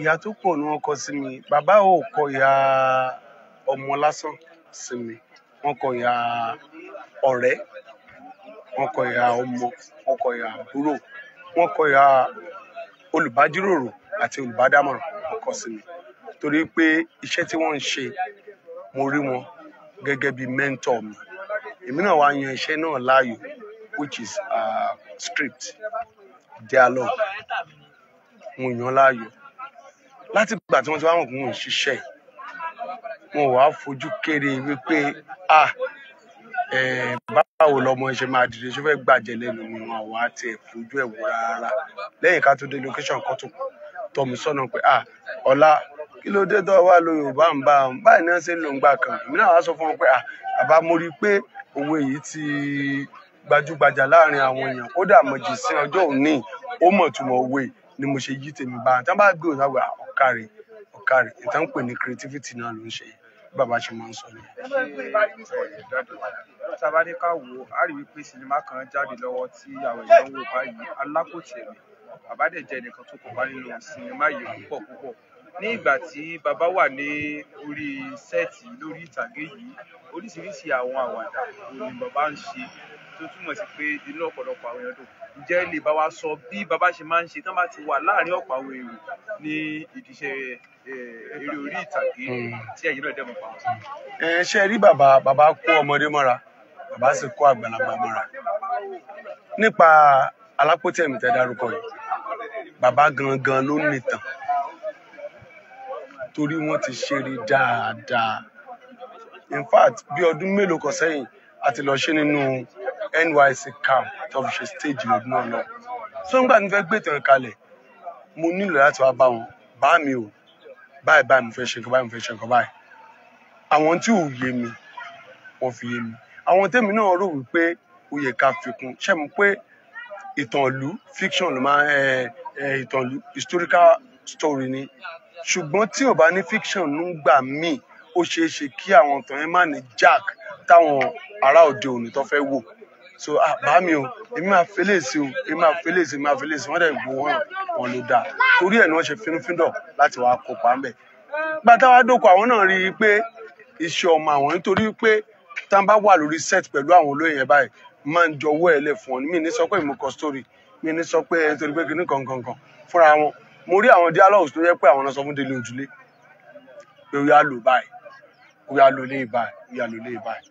ìhà tó pọ̀ ni wọ́n kọ sí mi bàbá ò kọ ìhà ọmọ lásán sí mi wọ́n kọ ìhà ọ̀rẹ́ wọ́n kọ ìhà ọmọ wọ́n kọ ìhà àbúrò wọ́n kọ ìhà olùbájíròrò àti olùbádámọ̀ràn wọ́n kọ sí mi torí pé iṣẹ́ tí wọ́n ń ṣe mo rí wọn gẹ́gẹ́ bí mentor mi èmi náà wá yan iṣẹ́ náà láàyò which is uh, script dialogue mo yàn láàyò láti ìgbà tí wọ́n ti wá wọn kún un ṣiṣẹ́ wọn wàá fojú kéré wípé a báwo lọmọ ṣe máa dìde ṣe fẹ́ gbàjẹ́ lẹ́nu mi wọn àwa tiẹ̀ fojú ẹ̀ wò rárá lẹ́yìn ká tó dé location kan tó tọ́ mi sọ́nà pé a ọ̀la kí ló dé tó wà lo yorùbá ń bá wọn báyìí náà ṣe ń lò ń gbà kan èmi náà wá sọ fún wọn pé a bàbá mo rí i pé òwe yìí ti gbajúgbajà láàrin àwọn èèyàn kódà mọ̀jì sí ọjọ́ òní ó mọ̀ túmọ̀ òwe ni mo ṣe yí tèmi bá tí wọn bá gbé òun àgbà ọkàrẹ ọkàrẹ ìtàn pè ní creativity náà ló ń ṣe bàbá ṣe máa ń sọ ni. tabadeka wo a rí wípé sinimá kan jáde lọ́wọ́ tí àwọn èèyàn ń wò báyìí alákòtẹ̀lẹ̀ bàbá dẹ̀ jẹ́ ẹnìkan tó kópa nínú sinimá yìí púpọ̀ púpọ̀ ní ìgbà tí bàbá wà ní orí sẹ́ẹ̀tì lórí ìtàgé yìí oríṣiríṣi àwọn àwàdà òní bàbá ń ṣe tó túmọ̀ sí pé inú ọ̀pọ̀lọpọ̀ àwọn èèyàn dùn ǹjẹ́ lè bá wa sọ bí bàbá ṣe máa ń ṣe tán bá ti wà láàrin ọ̀pọ̀ àwọn èrò ní ìdíṣẹ́ eré orí ìtàgé tí ẹ̀yin náà dẹ́mọ̀ pa. ẹ ṣe rí bàbá bàbá kó ọmọdé mọ́ra bàbá sì kó àgbàlagbà mọ́ra nípa alápótẹ̀mí tẹ́ dárúkọ yìí bàbá gangan ló nìtàn torí wọ́n ti ṣeré dáadáa in fact bí ọdún mélòó kan sẹ́yìn a lọ ṣe nínú NYC, camp tó fi stage lọ́dún náà lọ so nígbà tí mo fẹ́ gbé ìtàn kalẹ̀ mo nílò láti wá bá wọn bá mi o báyìí báyìí mo fẹ́ ṣe nǹkan báyìí mo fẹ́ ṣe nǹkan báyìí àwọn tí ò yé mi wọ́n fi yé mi àwọn tèmi náà rò wípé ó yẹ ká fikún ṣe mọ̀ pé ìtànlú fiction ló máa ìtànlú historical story ni ṣùgbọ́n tí ò bá ní fiction ló ń gbà míì ó ṣeé ṣe kí àwọn ọ̀tàn yẹn ní jack táwọn ará òde òní tó fẹ́ wò so ah bá mi o èmi máa fẹlẹ̀ sí o èmi máa fẹlẹ̀ sí èmi máa fẹlẹ̀ sí wọ́n dẹ̀ gbowó hàn wọn ló dáa torí ẹ̀ ni wọ́n ṣe fínúfíndọ̀ láti wàá kópa ńbẹ̀. gbàtà wa dóko àwọn náà rí i pé iṣẹ́ ọmọ àwọn nítorí pé tá a bá wà lórí set pẹ̀lú àwọn olóyè yẹn báyìí máa ń jọ̀wọ́ ẹ̀ lẹ̀ fún ọ mi ní sọ pé mo kọ story mi ní sọ pé nítorí pé kinní kankankan fúnra wọn mo rí àwọn dialogues tó yẹ pé àwọn náà sọ fún Délé Ojúlé pé ó yà lò báyìí ó yà lò lé báyìí ó yà lò lé báyìí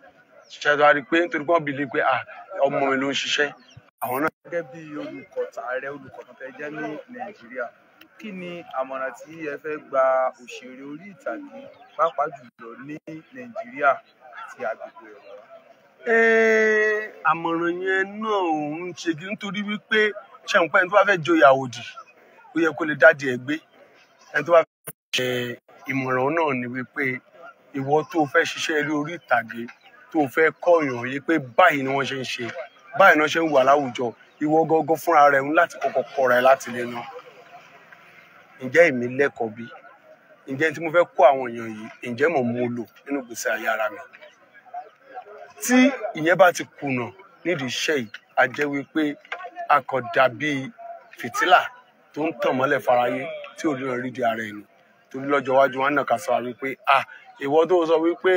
ṣiṣẹ́ tó a rí i pé nítorí pé wọ́n bìlí pé ọmọ mi ló ń ṣiṣẹ́ àwọn náà. gẹ́gẹ́ bí olùkọ́ ààrẹ olùkọ́ tó fẹ́ jẹ́ ní nàìjíríà kí ni àmọ̀ràn tí ẹ fẹ́ gba òṣèré orí ìtàgé pàápàá jùlọ ní nàìjíríà àti agbègbè ọ̀rọ̀. àmọ̀ràn yẹn náà ń ṣe kí nítorí wípé ṣẹ̀ǹpẹ́ ẹni tó bá fẹ́ joyè àwòdì ó yẹ kó lè dáàdì ẹ̀ gbé ẹni tó bá fẹ́ ṣe ìmọ̀ràn náà ni wípé ìwọ tó fẹ́ ṣiṣẹ́ eré orí ìtàgé tó fẹ́ kọ́ èèyàn yìí pé báyìí ni wọ́n ṣe ń ṣe báyìí ni wọ́n ṣe ń wà láwùjọ ìwọ gangan fúnra rẹ̀ ń láti kọ́kọ́ kọ́ ra ẹ láti lè ná ǹjẹ́ èmi lẹ́kọ̀ọ́ bí ǹjẹ́ tí mo fẹ́ kó àwọn èèyàn yìí ǹjẹ́ mò ń mú lò nínú gbèsè ayé ara mi tí ìyẹn bá ti kùnà nídìí iṣẹ́ yìí a jẹ́ wípé a kàn dàbí fìtílà tó ń tàn mọ́lẹ̀ farayé tí ò rí di ara ẹni torí lọ́jọ́ iwájú wọn náà kà sọ wípé ah ìwọ tó sọ wípé